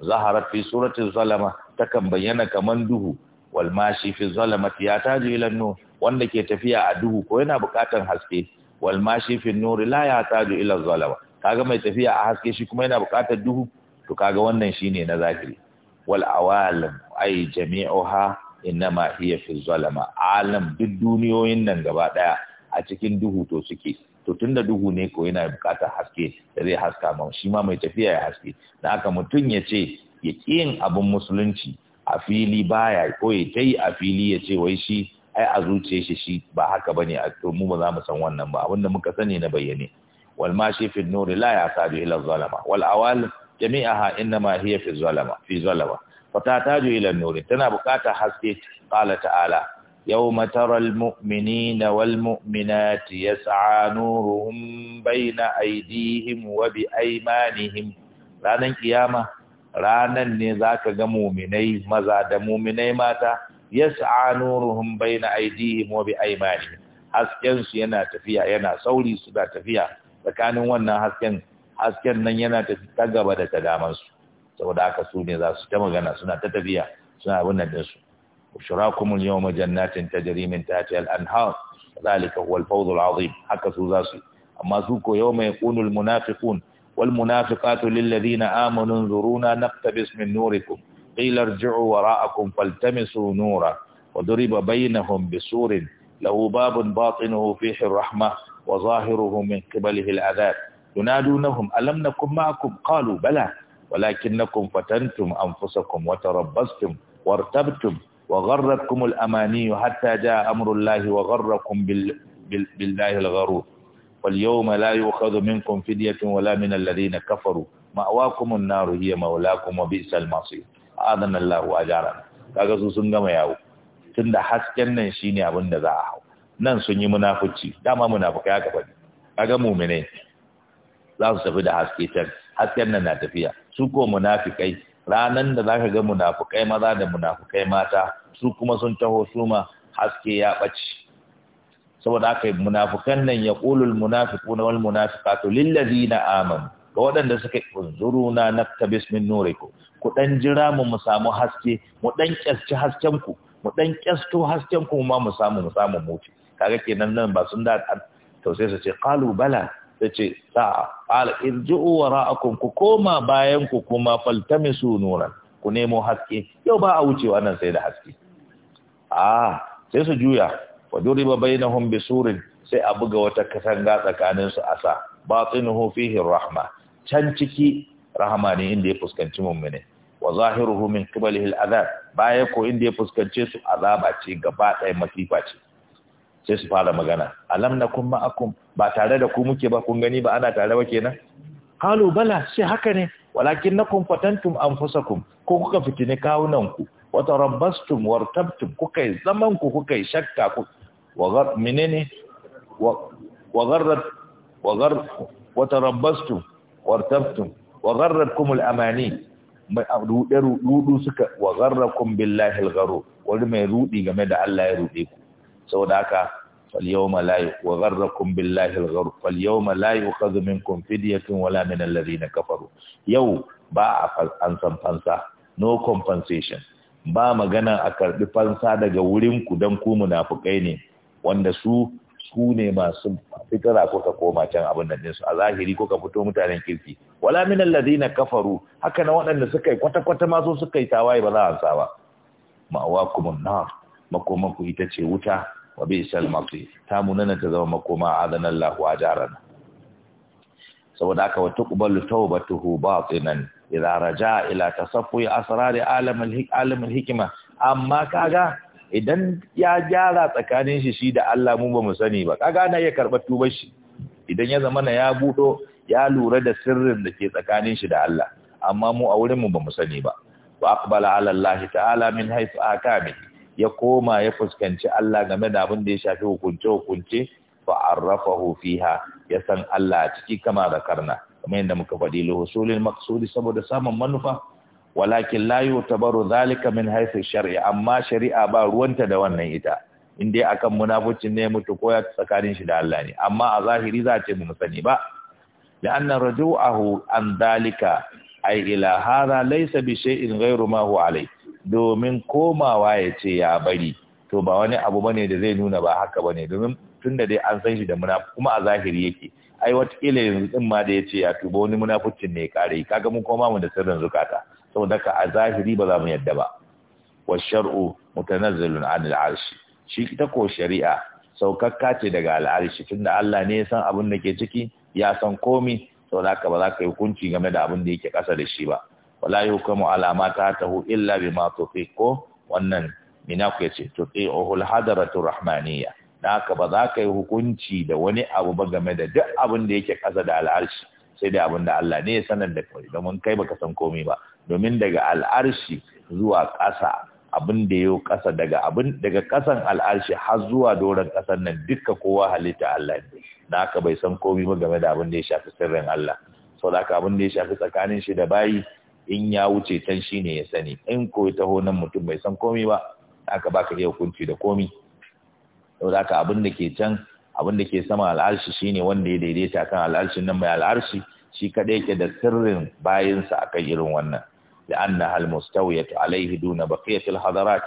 [SPEAKER 1] zaharat fi suratul zalama takan bayyana kamar duhu wal mashi fi zalamati ya taju ila nur wanda ke tafiya a duhu ko yana bukatan haske wal mashi fi nur la ya taju ila zalama kaga mai tafiya a haske shi kuma yana bukatar duhu to kaga wannan shine na zahiri wal awalam ay jami'uha innama hiya fi zalama alam duk duniyoyin nan gaba daya a cikin duhu to suke to tun da duhu ne ko yana bukatar haske da zai haska ma shi ma mai tafiya ya haske da haka mutum ya ce ya yin abin musulunci a fili baya ko ya ta yi a fili ya ce wai shi ai a zuciya shi shi ba haka bane a to mu ba za mu san wannan ba abinda muka sani na bayyane wal shi fi nuri la ya sadu ila zalama wal awal jami'aha ma hiya fi zalama fi zalama fa ta taju ila nuri tana bukatar haske qala ta'ala يوم ترى المؤمنين والمؤمنات يسعى نورهم بين أيديهم وبأيمانهم ranar kiyama ranan ne zaka ga muminai maza da muminai mata yas'a nuruhum baina aydihim wa bi aymanihim hasken su yana tafiya yana sauri su da tafiya tsakanin wannan hasken hasken nan yana ta gaba da ta daman su saboda haka su ne za su ta magana suna ta tafiya suna abin nan su وشراكم اليوم جنات تجري من تحتها الأنهار ذلك هو الفوز العظيم حكى سوزاسي أما سوكو يوم يكون المنافقون والمنافقات للذين آمنوا انظرونا نقتبس من نوركم قيل ارجعوا وراءكم فالتمسوا نورا وضرب بينهم بسور له باب باطنه فيه الرحمة وظاهره من قبله العذاب ينادونهم ألم نكن معكم قالوا بلى ولكنكم فتنتم أنفسكم وتربصتم وارتبتم wa gharratkum amani hatta jaa amru Allah wa gharrakum bil billahi al-gharur wal yawma la yu'khadhu minkum fidyatun wala min alladhina kafaru ma'wakum an-nar hiya mawlakum adana su sun gama yawo tunda hasken nan shine abin da za a hau nan sun yi munafici dama ya aka faɗi kaga mu'minai za su tafi da haske ta. hasken nan na tafiya su ko munafikai ranan da zaka ga munafukai maza da munafukai mata su kuma sun taho suma, haske ya ɓace saboda aka yi munafukan nan ya ƙulul munafiku na wal to lillazi na amanu ga waɗanda suka unzuru na naktabis min nuriku ku ɗan jira mu mu samu haske mu ɗan ƙyasci hasken ku mu ɗan ƙyasto hasken ku ma mu samu mu samu mutu kaga kenan nan ba sun da to sai su ce qalu bala ce sa qala irji'u wara'akum ku koma bayan ku kuma faltamisu nuran ku nemo haske yau ba a wucewa nan sai da haske ah sai su juya wa duriba bainahum bisurin sai a buga wata katanga tsakanin su asa batinuhu fihi rahma can ciki rahama ne inda ya fuskanci mummune wa zahiruhu min qibalihi al'adab baya ko inda ya fuskance su azaba ce gaba ɗaya masifa ce sai su fara magana alam kuma akum ba tare da ku muke ba kun gani ba ana tare ba kenan qalu bala sai haka ne walakin na kun fatantum kun, ko kuka fitini kawunan ku wata rambastum wartabtum kuka zaman ku kuka shakka ku menene wata rambastum wa gar wa tarabbastum wartabtum wa garratkum al-amani rudu suka wagarrar kun billahi al wani mai rudi game da Allah ya rudi ku saboda haka فاليوم لا وغركم بالله الغر فاليوم لا يؤخذ منكم wala minan من na كفروا Yau ba an san fansa no compensation ba magana a karbi fansa daga wurin ku ku munafikai ne wanda su su ne masu fitara kuka koma can abin da su a zahiri kuka fito mutanen kirki wala min alladhina kafaru haka na waɗanda suka yi kwata kwata ma suka yi tawaye ba za a ansa ba ma'awakumun nar Makomanku ita ce wuta wa bi isal ta munana ta zama makoma adana Allah wa jarana saboda haka wa tuqbalu ba tsinan idza raja ila tasaffi asrar alam al hikma amma kaga idan ya gyara tsakanin shi shi da Allah mu ba mu sani ba kaga na iya karɓar tubar shi idan ya zama na ya buɗo ya lura da sirrin da ke tsakanin shi da Allah amma mu a wurin mu ba mu sani ba wa aqbala ala Allah ta'ala min haythu akamihi ya koma ya fuskanci Allah game da abin da ya shafi hukunce-hukunce fa arrafahu fiha ya san Allah a ciki kama da karna kamar yadda muka faɗi li husulil maqsudi saboda samun manufa walakin la yutabaru zalika min haythu shar'i amma shari'a ba ruwanta da wannan ita in dai akan munafucin ne mutu koya tsakanin shi da Allah ne amma a zahiri za ce mu sani ba la'anna raju'ahu an zalika ay ila hadha laysa bi shay'in ghayru ma huwa alayhi domin komawa ya ce ya bari to ba wani abu bane da zai nuna ba haka bane domin tunda dai an san shi da munafi kuma a zahiri yake ai watakila yanzu din ma da ya ce ya tuba wani munafucin ne ya kare kaga mun koma mu da sirrin zukata saboda ka a zahiri ba za mu yadda ba wa shar'u mutanazzalun anil arshi shi ita ko shari'a saukakka ce daga al'arshi tunda Allah ne ya san abin da ke ciki ya san komi saboda ka ba za ka yi hukunci game da abin da yake kasa da shi ba wala yukamu ala ta tahu illa bi bima ko wannan minaku yace tuti'uhu al-hadaratu rahmaniyya haka ba za ka yi hukunci da wani abu ba game da duk abin da yake kasa da al'arshi sai da abin da Allah ne ya sanar da kai domin kai baka san komai ba domin daga al'arshi zuwa ƙasa abin da yau ƙasa daga abin daga ƙasan al'arshi har zuwa doron kasan nan dukka kowa halitta Allah ne na haka bai san komai ba game da abin da ya shafi sirrin Allah saboda haka abin da ya shafi tsakanin shi da bayi in ya wuce can shine ya sani in ko ya taho nan mutum bai san komi ba aka baka iya hukunci da komi. saboda haka abin da ke can abin da ke sama al'arshi shine wanda ya daidaita kan al'arshin nan mai al'arshi shi kadai yake da sirrin bayinsa akan irin wannan da لأنها المستوية عليه دون بقية hadarat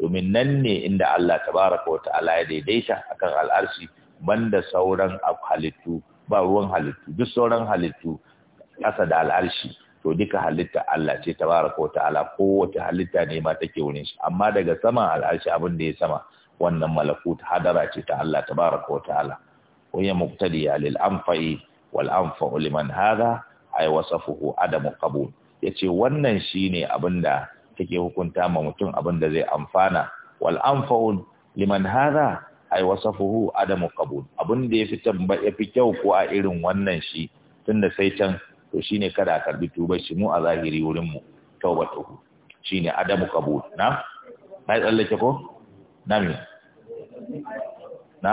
[SPEAKER 1] domin nan ne inda Allah tabaraka wa ta'ala ya daidaita akan al'arshi banda sauran halittu ba ruwan halittu duk sauran halittu kasa da al'arshi to duka halitta Allah ce tabaraka wa ta'ala kowace halitta ne ma take wurin shi amma daga sama al'arshi abin da ya sama wannan malakut hadara ce ta Allah tabaraka wa ta'ala wa ya ya lil anfa'i wal anfa'u liman hadha ay wasafuhu adam qabul yace wannan shine abin take hukunta ma mutum abinda zai amfana wal anfa'u liman hadha ay wasafuhu adamu qabul abun da yafi tamba yafi kyau ko a irin wannan shi tunda sai can to shine kada a karbi tuba shi mu a zahiri wurin mu taubatuhu shine adamu qabul na yi tsallake ko Na na?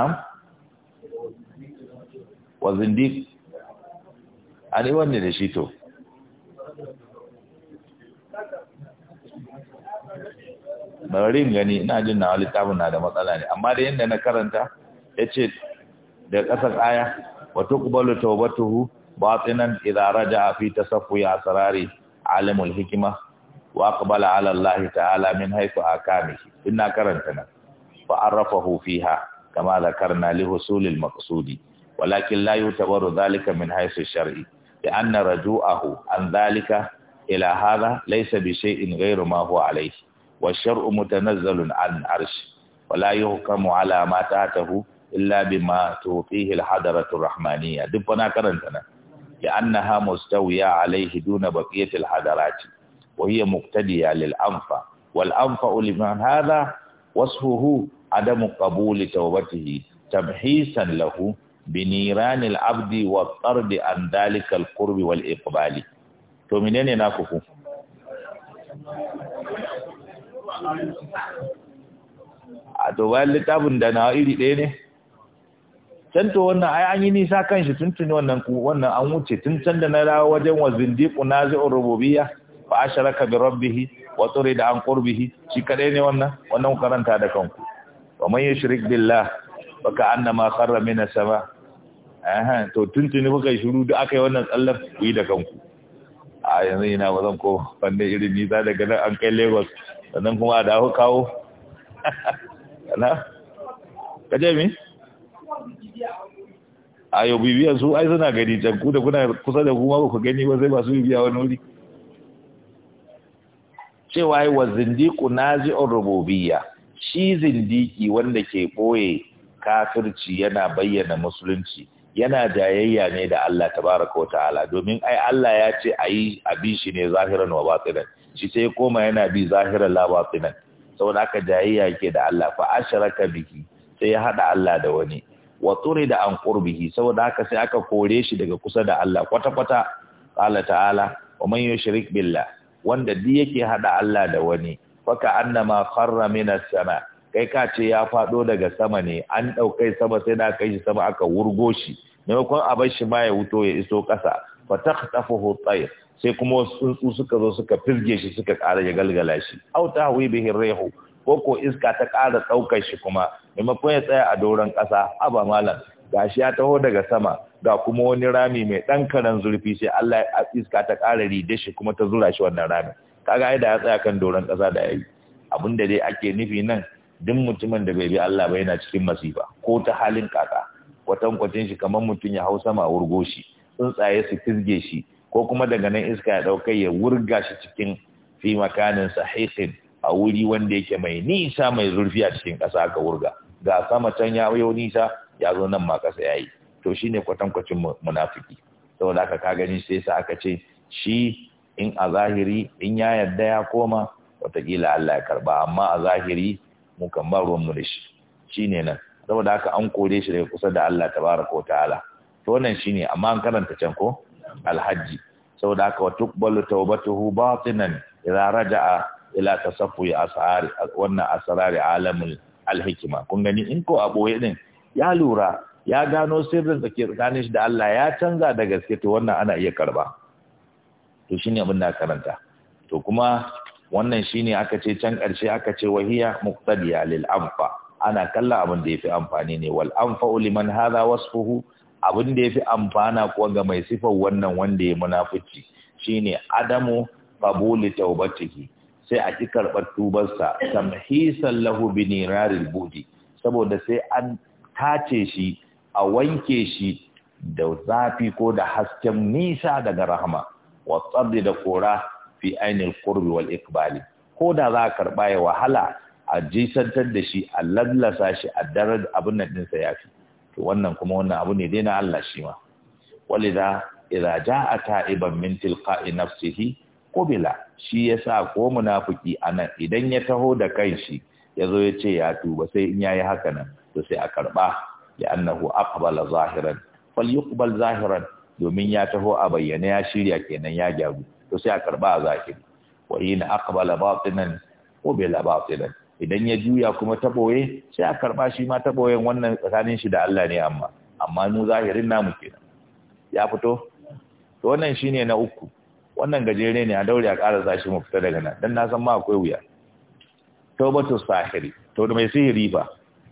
[SPEAKER 1] wazin dik? an ani wanne da shi to bari gani ina jin na littafin na da matsala ne amma da yanda na karanta yace da kasar aya wa tuqbalu tawbatuhu batinan idza raja'a fi tasaffuyi asrari alimul hikima wa aqbala ala Allah ta'ala min haythu akamihi inna karantana fa arafahu fiha kama dhakarna li husulil maqsudi walakin la yutabaru dhalika min haythu shar'i لأن رجوعه عن ذلك إلى هذا ليس بشيء غير ما هو عليه والشرع متنزل عن عرش ولا يحكم على ما تاته إلا بما توقيه الحضرة الرحمانية دبنا كرنتنا لأنها مستوية عليه دون بقية الحضارات وهي مقتدية للأنفى والأنفى لمن هذا وصفه عدم قبول توبته تمحيصا له بنيران العبد والطرد عن ذلك القرب والإقبال تؤمنين ناكفو a to bayan littafin can to wannan ai an yi nisa kan shi tuntuni wannan wannan an wuce tun can da na dawo wajen wa zindiqu nazi'ur rububiyya fa asharaka bi rabbih wa turida an qurbihi shi kadai ne wannan wannan karanta da kanku wa man yushrik billah baka annama kharra min as-sama aha to tuntuni kuka shiru duk akai wannan tsallar ku yi da kanku a yanzu ina ba zan ko fannin irin nisa daga nan an kai Lagos sannan kuma a dawo kawo kana kaje mi a yau bibiyan su ai suna gani can ku da kuna kusa da kuma ku gani ba sai ba su bibiya wani wuri cewa yi wa zindiku nazi'un rububiyya shi zindiki wanda ke boye kafirci yana bayyana musulunci yana jayayya ne da Allah tabaraka wa ta'ala domin ai Allah ya ce ayi abi shi ne zahiran wa batinan shi sai koma yana bi zahiran la batinan saboda aka jayayya yake da Allah fa asharaka biki sai ya haɗa Allah da wani wa da an ƙurbihi saboda haka sai aka kore shi daga kusa da Allah kwata kwata ƙala ta'ala wa man shirik billah wanda di yake haɗa Allah da wani faka annama fara mina sama kai ka ce ya faɗo daga sama ne an ɗaukai sama sai na kai shi sama aka wurgo shi maimakon a bar shi ma ya wuto ya iso ƙasa fa tafi tayr sai kuma wasu tsuntsu suka zo suka firge shi suka ƙara ya galgala shi au ta hawi bihin raiho. ko ko iska ta ƙara ɗaukar shi kuma maimakon ya tsaya a doron ƙasa aba malam ga shi ya taho daga sama ga kuma wani rami mai ɗan karen zurfi sai Allah ya iska ta ƙara rida shi kuma ta zura shi wannan rami kaga ai da ya tsaya kan doron ƙasa da yayi Abun da dai ake nufi nan duk mutumin da bai bi Allah ba yana cikin masifa ko ta halin kaka kwatan shi kamar mutum ya hau sama wurgo shi tsuntsaye su fisge shi ko kuma daga nan iska ya ɗaukai ya wurga shi cikin fi makanin sahihin a wuri wanda yake mai nisa mai zurfi a cikin ƙasa aka wurga ga sama can ya yau nisa ya zo nan ma kasa yayi to shine kwatankwacin munafiki saboda haka ka gani sai sa aka ce shi in a zahiri in ya yarda ya koma watakila Allah ya karba amma a zahiri mu kan ba ruwan mu da shi shine nan saboda haka an kore shi daga kusa da Allah tabaraka ta'ala to wannan shine amma an karanta can ko alhaji saboda haka tuqbalu tawbatuhu batinan idza raja'a ila tasaffu asari wannan asrari alamul alhikima kun gani in ko a boye din ya lura ya gano sirrin tsakanin shi da Allah ya canza da gaske to wannan ana iya karba to shine abin da karanta to kuma wannan shine aka ce can karshe aka ce wahiya muqtadiya lil anfa ana kalla abin da yafi amfani ne wal anfa liman hadha wasfuhu abin da yafi amfana kuwa ga mai sifar wannan wanda ya munafici shine adamu qabuli tawbatihi sai a ki karɓar tubarsa tamhisan lahu bi niraril budi saboda sai an tace shi a wanke shi da zafi ko da hasken nisa daga rahama wa tsabi da kora fi ainihin kurbi wal ikbali ko da za a karɓa ya wahala a jisantar da shi a lallasa shi a darar abin nan ɗinsa ya fi to wannan kuma wannan abu ne dai na Allah shi ma ira idza a ta'iban min tilqa'i nafsihi Kubila shi ya sa ko munafuki a nan idan ya taho da kanshi zo ya ce ya tuba sai in yayi haka nan to sai a karba ya annahu aqbala zahiran yuqbal zahiran domin ya taho a bayyane ya shirya kenan ya gyaru to sai a karba a zahiri wa in aqbala batinan qubila batinan idan ya juya kuma ta boye sai a karba shi ma ta boyen wannan tsakanin shi da Allah ne amma amma mu zahirin namu kenan ya fito to wannan shine na uku wannan gajere ne a daure a ƙara zashi mu fita daga nan dan na san ma akwai wuya taubatu sahiri to da mai sihiri ba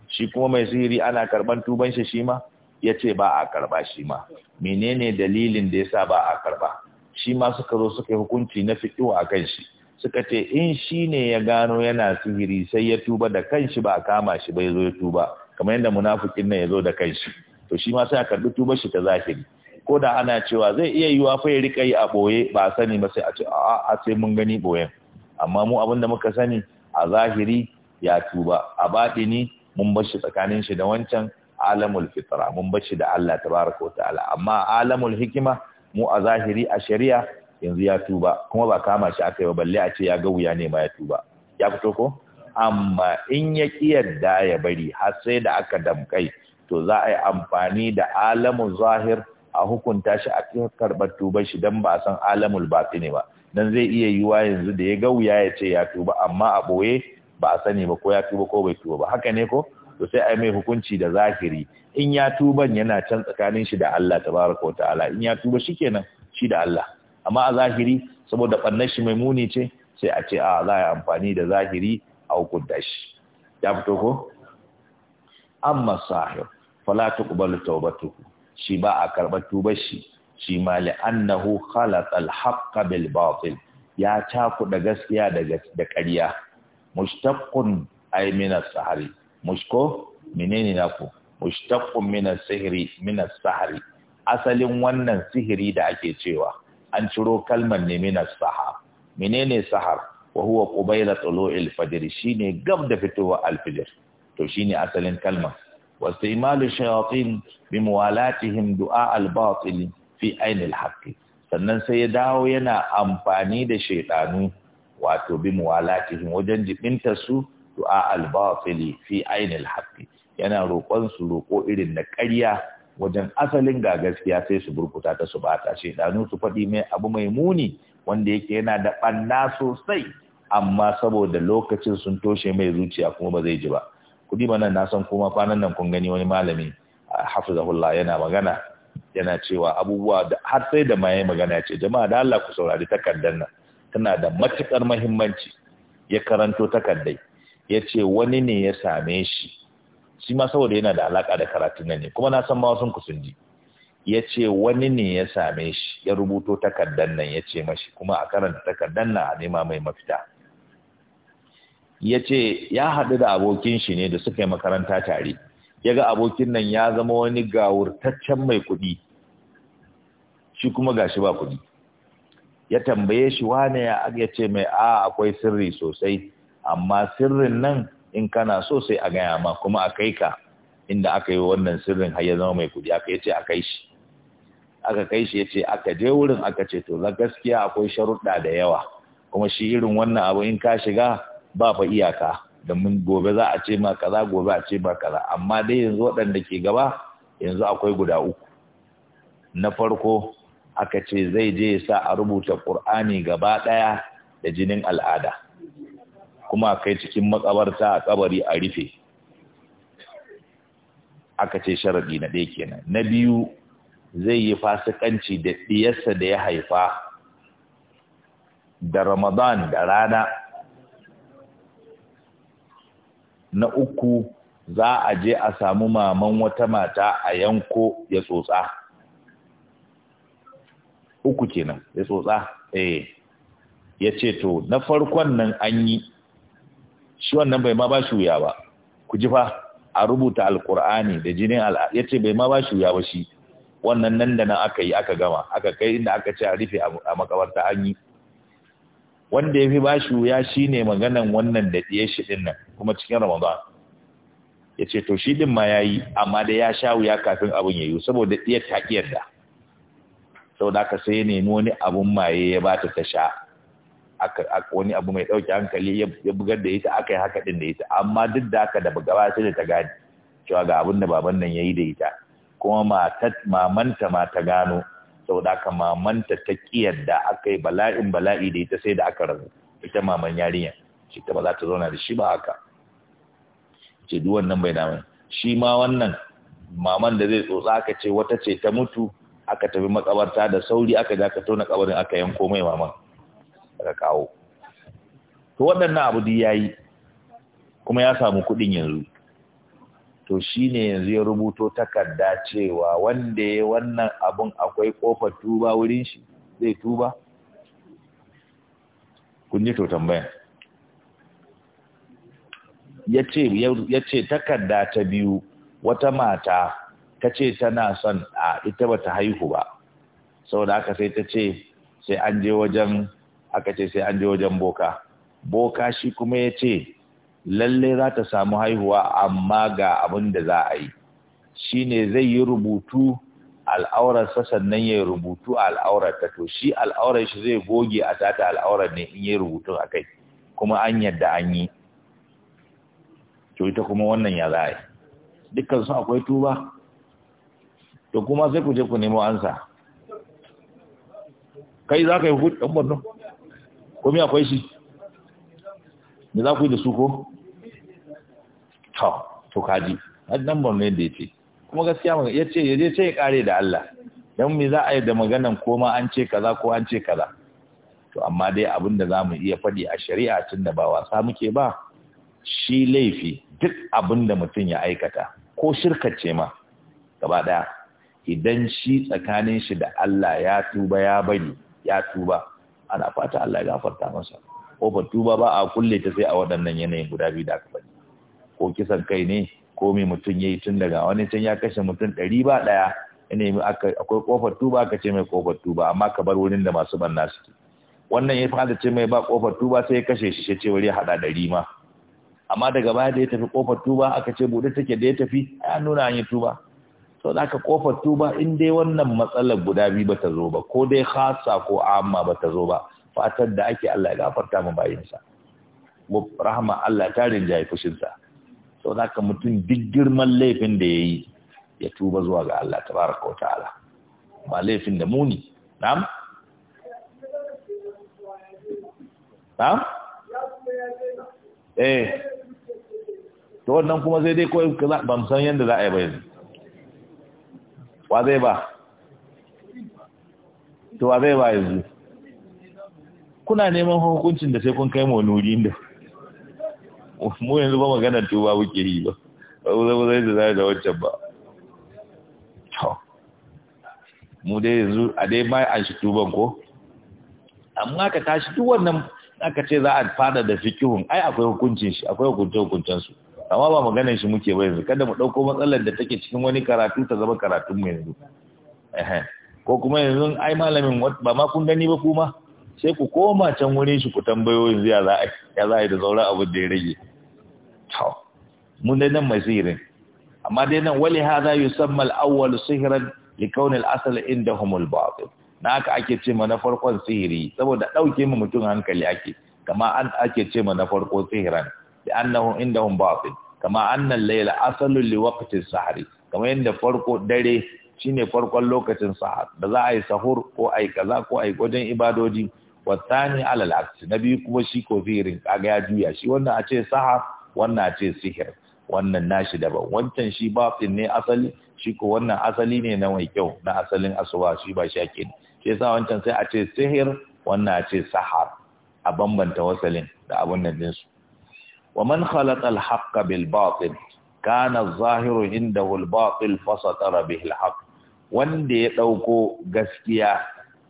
[SPEAKER 1] shi kuma mai sihiri ana karban tuban shi shi ma yace ba a karba shi ma menene dalilin da yasa ba a karba shi ma suka zo suka yi hukunci na a kan shi suka ce in shi ne ya gano yana sihiri sai ya tuba da kanshi ba kama shi bai zo ya tuba kamar yadda munafikin nan ya zo da kanshi to shi ma sai a karbi tubar shi ta zahiri ko da ana cewa zai iya yiwa fa ya rika yi a boye ba sani ba sai a ce a sai mun gani boyen amma mu abin da muka sani a zahiri ya tuba a baɗi ni mun bar shi tsakanin shi da wancan alamul fitra mun bar shi da Allah tabaraka ta'ala. amma alamul hikima mu a zahiri a shari'a yanzu ya tuba kuma ba kama shi aka yi balle a ce ya ga wuya ne ma ya tuba ya fito ko amma in ya yarda ya bari har sai da aka damkai to za a yi amfani da alamun zahir a hukunta shi a karbar tuba shi dan ba a san alamul ne ba dan zai iya yiwa yanzu da ya ga wuya ya ce ya tuba amma a boye ba a sani ba ko ya tuba ko bai tuba ba haka ne ko to sai ai mai hukunci da zahiri in ya tuban yana can tsakanin shi da Allah tabaraka wa ta'ala in ya tuba shikenan shi da Allah amma a zahiri saboda bannan shi mai muni ce sai a ce a za a amfani da zahiri a hukunta shi ya fito ko amma sahir fala tuqbalu tawbatuhu shi ba a karɓar tubar shi shi ma li'annahu khalaqa al-haqqa bil batil ya cakuɗa gaskiya da ƙarya mushtaqqun ay min as-sahri mushko menene naku mushtaqqun min as-sihri min as-sahri asalin wannan sihiri da ake cewa an ciro kalmar ne min as-sahar menene sahar wa huwa qubayla tulu'il fajr shine gab da fitowa al-fajr to shine asalin kalmar واستعمال الشياطين بموالاتهم دعاء الباطل fi ainihin sannan sai ya dawo yana amfani da shaidanu wato bi muwalatihim wajen jibinta su du'a al-batili fi ainihin yana roƙon su roƙo irin na ƙarya wajen asalin ga gaskiya sai su burkuta ta su bata shaidanu su faɗi mai abu mai muni wanda yake yana da ɓanna sosai amma saboda lokacin sun toshe mai zuciya kuma ba zai ji ba kudi ba nan na san kuma kwanan nan kun gani wani malami hafizahullah yana magana yana cewa abubuwa har sai da ma maye magana ya ce jama'a da Allah ku saurari takardar nan tana da matukar muhimmanci ya karanto takardai ya ce wani ne ya same shi shi ma saboda yana da alaka da karatun nan ne kuma na san ma sun ku sun ji ya ce wani ne ya same shi ya rubuto takardar nan ya ce mashi kuma a karanta takardar nan a nema mai mafita ya ce ya haɗu da abokin shi ne da suka yi makaranta tare ya ga abokin nan ya zama wani gawurtaccen mai kuɗi shi kuma ga shi ba kuɗi ya tambaye shi wane ya ya ce mai a akwai sirri sosai amma sirrin nan in kana so sai a gaya ma kuma a kai ka inda aka yi wannan sirrin har ya zama mai kuɗi aka yace a kai shi aka kai shi yace aka je wurin aka ce to gaskiya akwai sharuɗa da yawa kuma shi irin wannan abu in ka shiga ba fa iyaka da mun gobe za a ce ma kaza gobe a ce ma kaza amma dai yanzu waɗanda ke gaba yanzu akwai guda uku na farko aka ce zai je ya sa a rubuta ƙur'ani gaba ɗaya da jinin al'ada kuma kai cikin makabarta a kabari a rufe aka ce sharaɗi na ɗaya kenan na biyu zai yi fasikanci da ɗiyarsa da ya haifa da ramadan da rana na uku za a je a samu maman wata mata a yanko ya tsotsa uku kenan ya tsotsa eh ya ce to na farkon nan an yi shi wannan bai ma ba shi wuya ba ku ji fa a rubuta alkur'ani da jinin al'a ya ce bai ma ba shi wuya ba shi wannan nan da nan aka yi aka gama aka kai inda aka ce a rufe a makabarta an yi wanda ya fi ba shi wuya shi ne maganan wannan da ɗiye shi ɗin nan kuma cikin ramadan ya ce to shi ɗin ma ya yi amma da ya sha wuya kafin abin ya yi saboda ɗiye ta ƙi Sau saboda aka sai ya nemi wani abun maye ya ba ta ta sha wani abu mai ɗauki hankali ya bugar da ita aka yi haka ɗin da ita amma duk da aka da gaba sai da ta gane cewa ga abin da baban nan ya yi da ita kuma mamanta ma ta gano da aka mamanta ta da aka yi bala'in bala'i da ita sai da aka rabu ita maman yarinya shi ta ba za ta zauna da shi ba haka ce duk wannan bai da shi ma wannan maman da zai tsotsa aka ce wata ce ta mutu aka tafi makabarta da sauri aka ja ka tona kabarin aka yanko mai maman aka kawo to waɗannan abu duk yayi kuma ya samu kuɗin yanzu to shi ne yanzu ya rubuto takarda cewa wanda ya wannan abun akwai kofar tuba wurin shi zai tuba kun to tambaya ya ce takarda ta biyu wata mata ta ce tana son a ita bata haihu ba saboda aka sai ta ce sai an je wajen ce sai an je wajen boka boka shi kuma ya ce lalle za ta samu haihuwa amma ga abin da za a yi shi ne zai yi rubutu al'aurarsa sannan ya yi rubutu a al'aurarta to shi al'aurar shi zai goge a tata al'aurar ne in yi rubutun a kai kuma an yadda an yi to ita kuma wannan ya za a yi dukkansu akwai tuba to kuma sai ku je ku nemo ansa kai za ka yi ɗan borno kuma akwai shi da za ku yi da su ko? to kaji nan ba mai da ya ce kuma gaskiya ya ce ya je ce ya kare da Allah don me za a yi da maganan koma an ce kaza ko an ce kaza to amma dai abin da za mu iya faɗi a shari'a tun da ba wasa muke ba shi laifi duk abin da mutum ya aikata ko shirkace ma gaba ɗaya idan shi tsakanin shi da Allah ya tuba ya bari ya tuba ana fata Allah ya gafarta masa kofar tuba ba a kulle ta sai a waɗannan yanayin guda biyu da aka faɗi ko kisan kai ne ko me mutum ya yi tun daga wani can ya kashe mutum ɗari ba ɗaya yanayin akwai kofar tuba aka ce mai kofar tuba amma ka bar wurin da masu banna suke wannan ya fada ce mai ba kofar tuba sai ya kashe shi ce wuri haɗa ɗari ma amma daga baya da ya tafi kofar tuba aka ce buɗe take da ya tafi ya nuna an yi tuba to da aka kofar tuba in dai wannan matsalar guda biyu ba ta zo ba ko dai hasa ko amma ba ta zo ba fatar da ake Allah ya gafarta mu bayinsa rahama Allah ta fushin sa sau da mutum duk girman laifin da ya yi ya tuba zuwa ga Allah tabaraka wa ta'ala ba laifin da muni na'am na'am eh to wannan kuma sai dai kaza ban san yadda za a yi ba yanzu wa zai ba to wa zai ba yanzu kuna neman hukuncin da sai kun kai mu nuri da mu yanzu ba maganar tuba muke yi ba ba zai da zai da wancan ba mu dai yanzu a dai mai an shi tuban ko amma ka tashi duk wannan aka ce za a fada da fikihun ai akwai hukuncin shi akwai hukunce hukuncen su amma ba maganar shi muke ba yanzu kada mu dauko matsalar da take cikin wani karatu ta zama karatun mu yanzu ko kuma yanzu ai malamin ba ma kun gani ba kuma sai ku koma can wurin shi ku tambayo yanzu ya za a yi da zaura abu da ya rage to mun dai nan masirin amma dai nan wali hadha yusamma al-awwal sihran li kawn al-asl indahum al na haka ake ce ma na farkon sihiri saboda ɗauke mu mutum hankali ake kama an ake ce ma na farko sihiran bi annahu indahum batil kama anna al-layla nan li waqti as-sahri kama yanda farko dare shine farkon lokacin sahar da za a yi sahur ko yi kaza ko yi gwajin ibadoji wasani alal aksi na biyu kuma shi ko firin kaga ya juya shi wannan a ce saha wannan a ce sihir wannan nashi daban wancan shi batin ne asali shi ko wannan asali ne na mai kyau na asalin asuba shi ba shakin shi yasa wancan sai a ce sihir wannan a ce sahar a bambanta wasalin da abun nan din su wa man khalaqa al haqqa bil batil kana az-zahiru inda al batil fasatara bihi al haqq wanda ya dauko gaskiya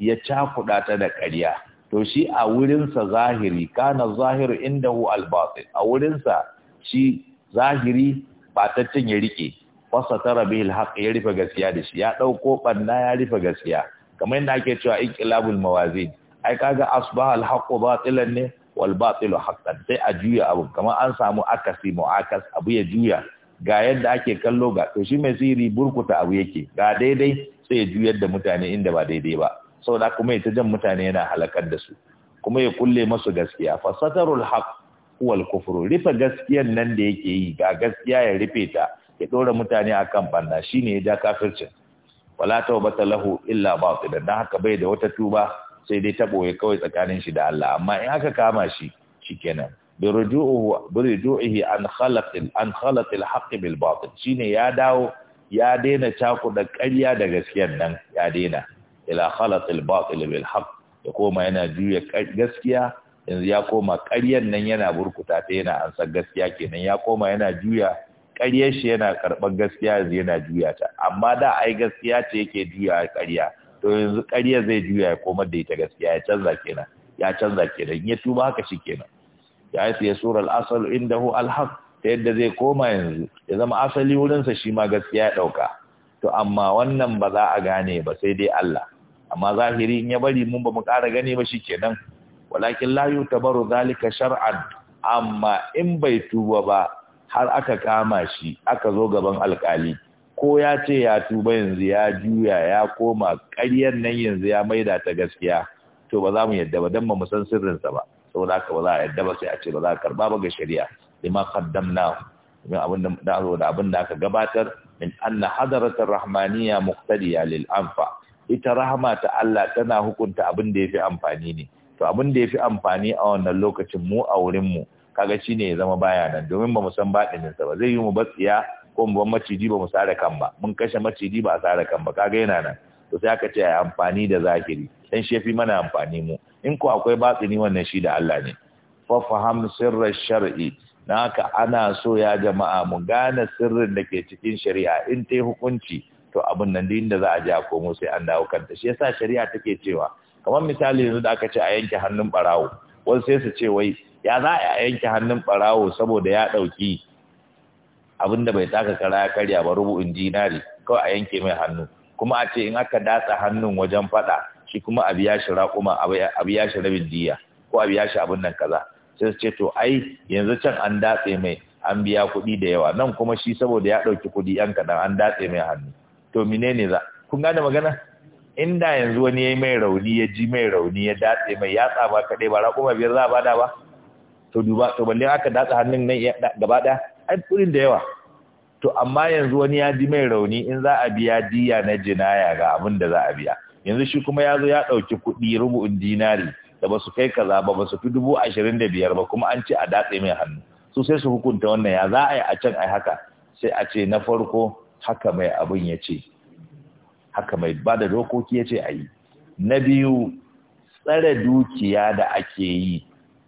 [SPEAKER 1] ya cakuɗa ta da ƙarya to shi a wurinsa zahiri kana zahiru indahu albatin a wurinsa shi zahiri batattun ya rike wasa tara bihil haqq ya rufe gaskiya da shi ya dauko banna ya rufe gaskiya kamar yadda ake cewa inqilabul mawazin ai kaga asbaha alhaq haqq batilan ne wal batilu haqqan sai a juya abu kamar an samu akasi muakas abu ya juya ga yadda ake kallo ga to shi mai sirri burkuta abu yake ga daidai sai ya juyar da mutane inda ba daidai ba saboda kuma ita jan mutane yana halakar da su kuma ya kulle masu gaskiya fa satarul haq wal kufru rufe gaskiyan nan da yake yi ga gaskiya ya rufe ta ya dora mutane akan banna shine ya ja kafircin wala tawbata lahu illa batil dan haka bai da wata tuba sai dai ta boye kawai tsakanin shi da Allah amma in aka kama shi shikenan kenan. birju'ihi an khalaq an khalaq al haqq bil batil shine ya dawo ya daina cakuda ƙarya da gaskiyar nan ya daina ila khalatil batil bil haqq ya koma yana juya gaskiya yanzu ya koma ƙaryan nan yana burkuta ta yana ansa gaskiya kenan ya koma yana juya ƙaryar shi yana karɓar gaskiya yanzu yana juya ta amma da ai gaskiya ce yake juya ƙarya to yanzu ƙarya zai juya ya koma da ita gaskiya ya canza kenan ya canza kenan ya tuba haka shi kenan ya yi fiye surar asal indahu alhaq ta yadda zai koma yanzu ya zama asali wurinsa shi ma gaskiya ya ɗauka to amma wannan ba za a gane ba sai dai Allah amma zahiri in ya bari mun ba mu ƙara gani ba shikenan walakin la yutabaru zalika shar'an amma in bai tuba ba har aka kama shi aka zo gaban alkali ko ya ce ya tuba yanzu ya juya ya koma ƙaryar nan yanzu ya maida ta gaskiya to ba za mu yadda ba dan ba mu san sirrinsa ba saboda haka ba za a yadda ba sai a ce ba za a karba ba ga shari'a lima qaddamna min abin da abin da aka gabatar min anna hadaratar rahmaniya muqtadiya lil anfa ita rahama ta Allah tana hukunta abin da ya fi amfani ne to abin da ya fi amfani a wannan lokacin mu a wurin mu kaga ne ya zama baya nan domin ba mu san baɗinin sa ba zai yi mu batsiya ko mu ban maciji ba mu sare kan ba mun kashe maciji ba a sare kan ba kaga yana nan to sai aka ce ai amfani da zahiri dan shi ya fi mana amfani mu in ko akwai batsini wannan shi da Allah ne fa faham sirrar shar'i na ka! ana so ya jama'a mu gane sirrin da ke cikin shari'a in ta hukunci to abin nan din da za a ji komo sai an dawo kanta shi yasa shari'a take cewa kamar misali yanzu da aka ce a yanke hannun barawo wasu sai su ce wai ya za a yanke hannun barawo saboda ya ɗauki abin da bai taka kara ya karya ba rubu'in dinari kawai a yanke mai hannu kuma a ce in aka datsa hannun wajen faɗa shi kuma a biya shi raƙuma a biya shi rabin diya ko a biya shi abin nan kaza sai su ce to ai yanzu can an datse mai an biya kuɗi da yawa nan kuma shi saboda ya ɗauki kuɗi yan kaɗan an datse mai hannu to menene za kun gane magana inda yanzu wani yayi mai rauni ya ji mai rauni ya datse mai yatsa ba kadai ba raƙo ma biyar za a bada ba to duba to balle aka datsa hannun nan gaba daya ai kudin da yawa to amma yanzu wani ya ji mai rauni in za a biya diya na jinaya ga abin da za a biya yanzu shi kuma ya zo ya ɗauki kuɗi rubu'in dinari da ba su kai kaza ba ba su fi dubu ashirin da biyar ba kuma an ce a datse mai hannu su sai su hukunta wannan ya za a yi a can a haka sai a ce na farko haka mai abin ya ce haka mai ba da dokoki ya ce a yi na biyu tsare dukiya da ake yi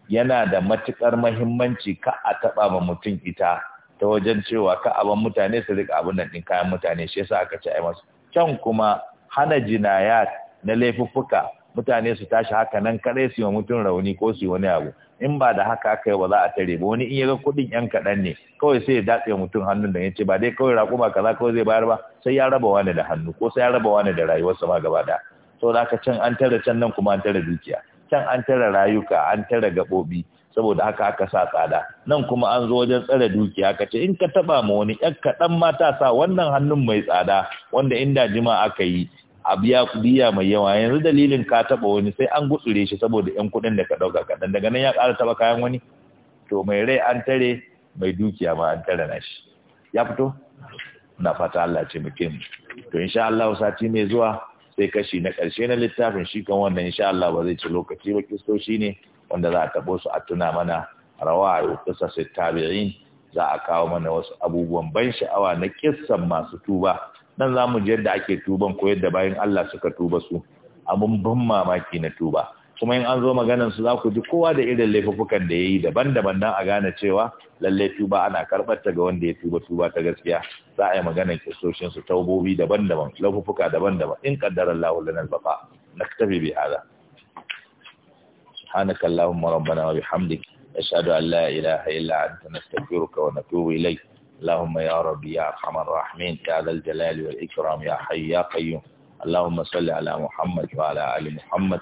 [SPEAKER 1] yana da matukar mahimmanci ka a taɓa ma mutum ita ta wajen cewa ka abin mutane su rika abin nan ɗin kayan mutane shi yasa aka ce a yi masu kyan kuma hana jinayat na laifuffuka mutane su tashi haka nan kare su yi wa mutum rauni ko su yi wani abu in ba da haka aka yi ba za a tare ba wani in ya ga kuɗin yan kaɗan ne kawai sai ya datse mutum hannun da ya ce ba dai kawai raƙuma kaza kawai zai bayar ba sai ya raba wani da hannu ko sai ya raba wani da rayuwarsa ma gaba da? so da haka can an tare can nan kuma an tare dukiya can an tare rayuka an tare gaɓoɓi saboda haka aka sa tsada nan kuma an zo wajen tsare dukiya aka ce in ka taɓa ma wani yan kaɗan ma sa wannan hannun mai tsada wanda inda jima aka yi a ya biya mai yawa yanzu dalilin ka taba wani sai an gutsure shi saboda yan kuɗin da ka ɗauka kaɗan daga nan ya ƙara taba kayan wani to mai rai an tare mai dukiya ma an tare na shi ya fito na fata Allah ce muke mu to insha Allah sati mai zuwa sai kashi na ƙarshe na littafin shi kan wannan insha Allah ba zai ci lokaci ba shi ne wanda za a tabo su a tuna mana rawayu qisas tabi'in za a kawo mana wasu abubuwan ban sha'awa na kissan masu tuba nan za mu ji yadda ake tuban ko yadda bayan Allah suka tuba su abun ban mamaki na tuba kuma in an zo maganan su za ku ji kowa da irin laifukan da ya yi daban-daban don a gane cewa lallai tuba ana karɓar ta ga wanda ya tuba tuba ta gaskiya za a yi maganan kisoshin su taubobi daban-daban laifuka daban-daban in kaddarar lahu lana albafa na tafi bi hada subhanaka allahumma rabbana wa allah ashhadu an la ilaha illa tafi nastaghfiruka wa اللهم يا ربي يا أرحم الراحمين يا ذا الجلال والإكرام يا حي يا قيوم اللهم صل على محمد وعلى آل محمد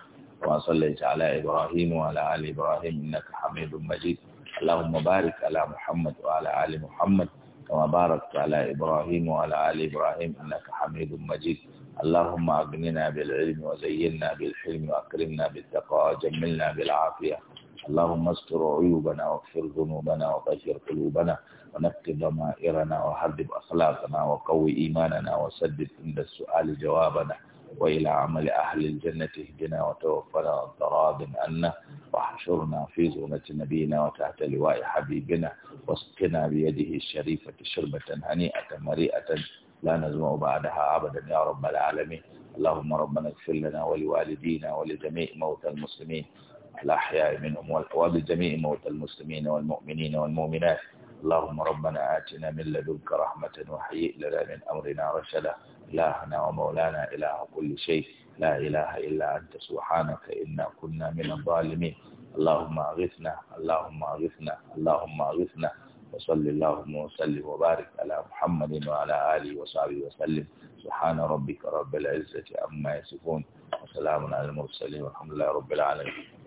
[SPEAKER 1] صليت على إبراهيم وعلى آل إبراهيم إنك حميد مجيد اللهم بارك على محمد وعلى آل محمد كما باركت على إبراهيم وعلى آل إبراهيم إنك حميد مجيد اللهم أغننا بالعلم وزينا بالحلم وأكرمنا بالتقوى وجملنا بالعافية اللهم استر عيوبنا واغفر ذنوبنا وبشر قلوبنا ونقي ضمائرنا وحبب أخلاقنا وقوي إيماننا وسدد عند السؤال جوابنا وإلى عمل أهل الجنة اهدنا وتوفنا وانت راض عنا واحشرنا في زونة نبينا وتحت لواء حبيبنا واسقنا بيده الشريفة شربة هنيئة مريئة لا نزمع بعدها أبدا يا رب العالمين اللهم ربنا اغفر لنا ولوالدينا ولجميع موتى المسلمين الأحياء منهم ولجميع موتى المسلمين والمؤمنين والمؤمنات اللهم ربنا آتنا من لدنك رحمة وحي لنا من أمرنا رشدا إلهنا ومولانا إله كل شيء لا إله إلا أنت سبحانك إنا كنا من الظالمين اللهم أغثنا اللهم أغثنا اللهم أغثنا وصل اللهم وسلم وبارك على محمد وعلى آله وصحبه وسلم سبحان ربك رب العزة عما يصفون وسلام على المرسلين والحمد لله رب العالمين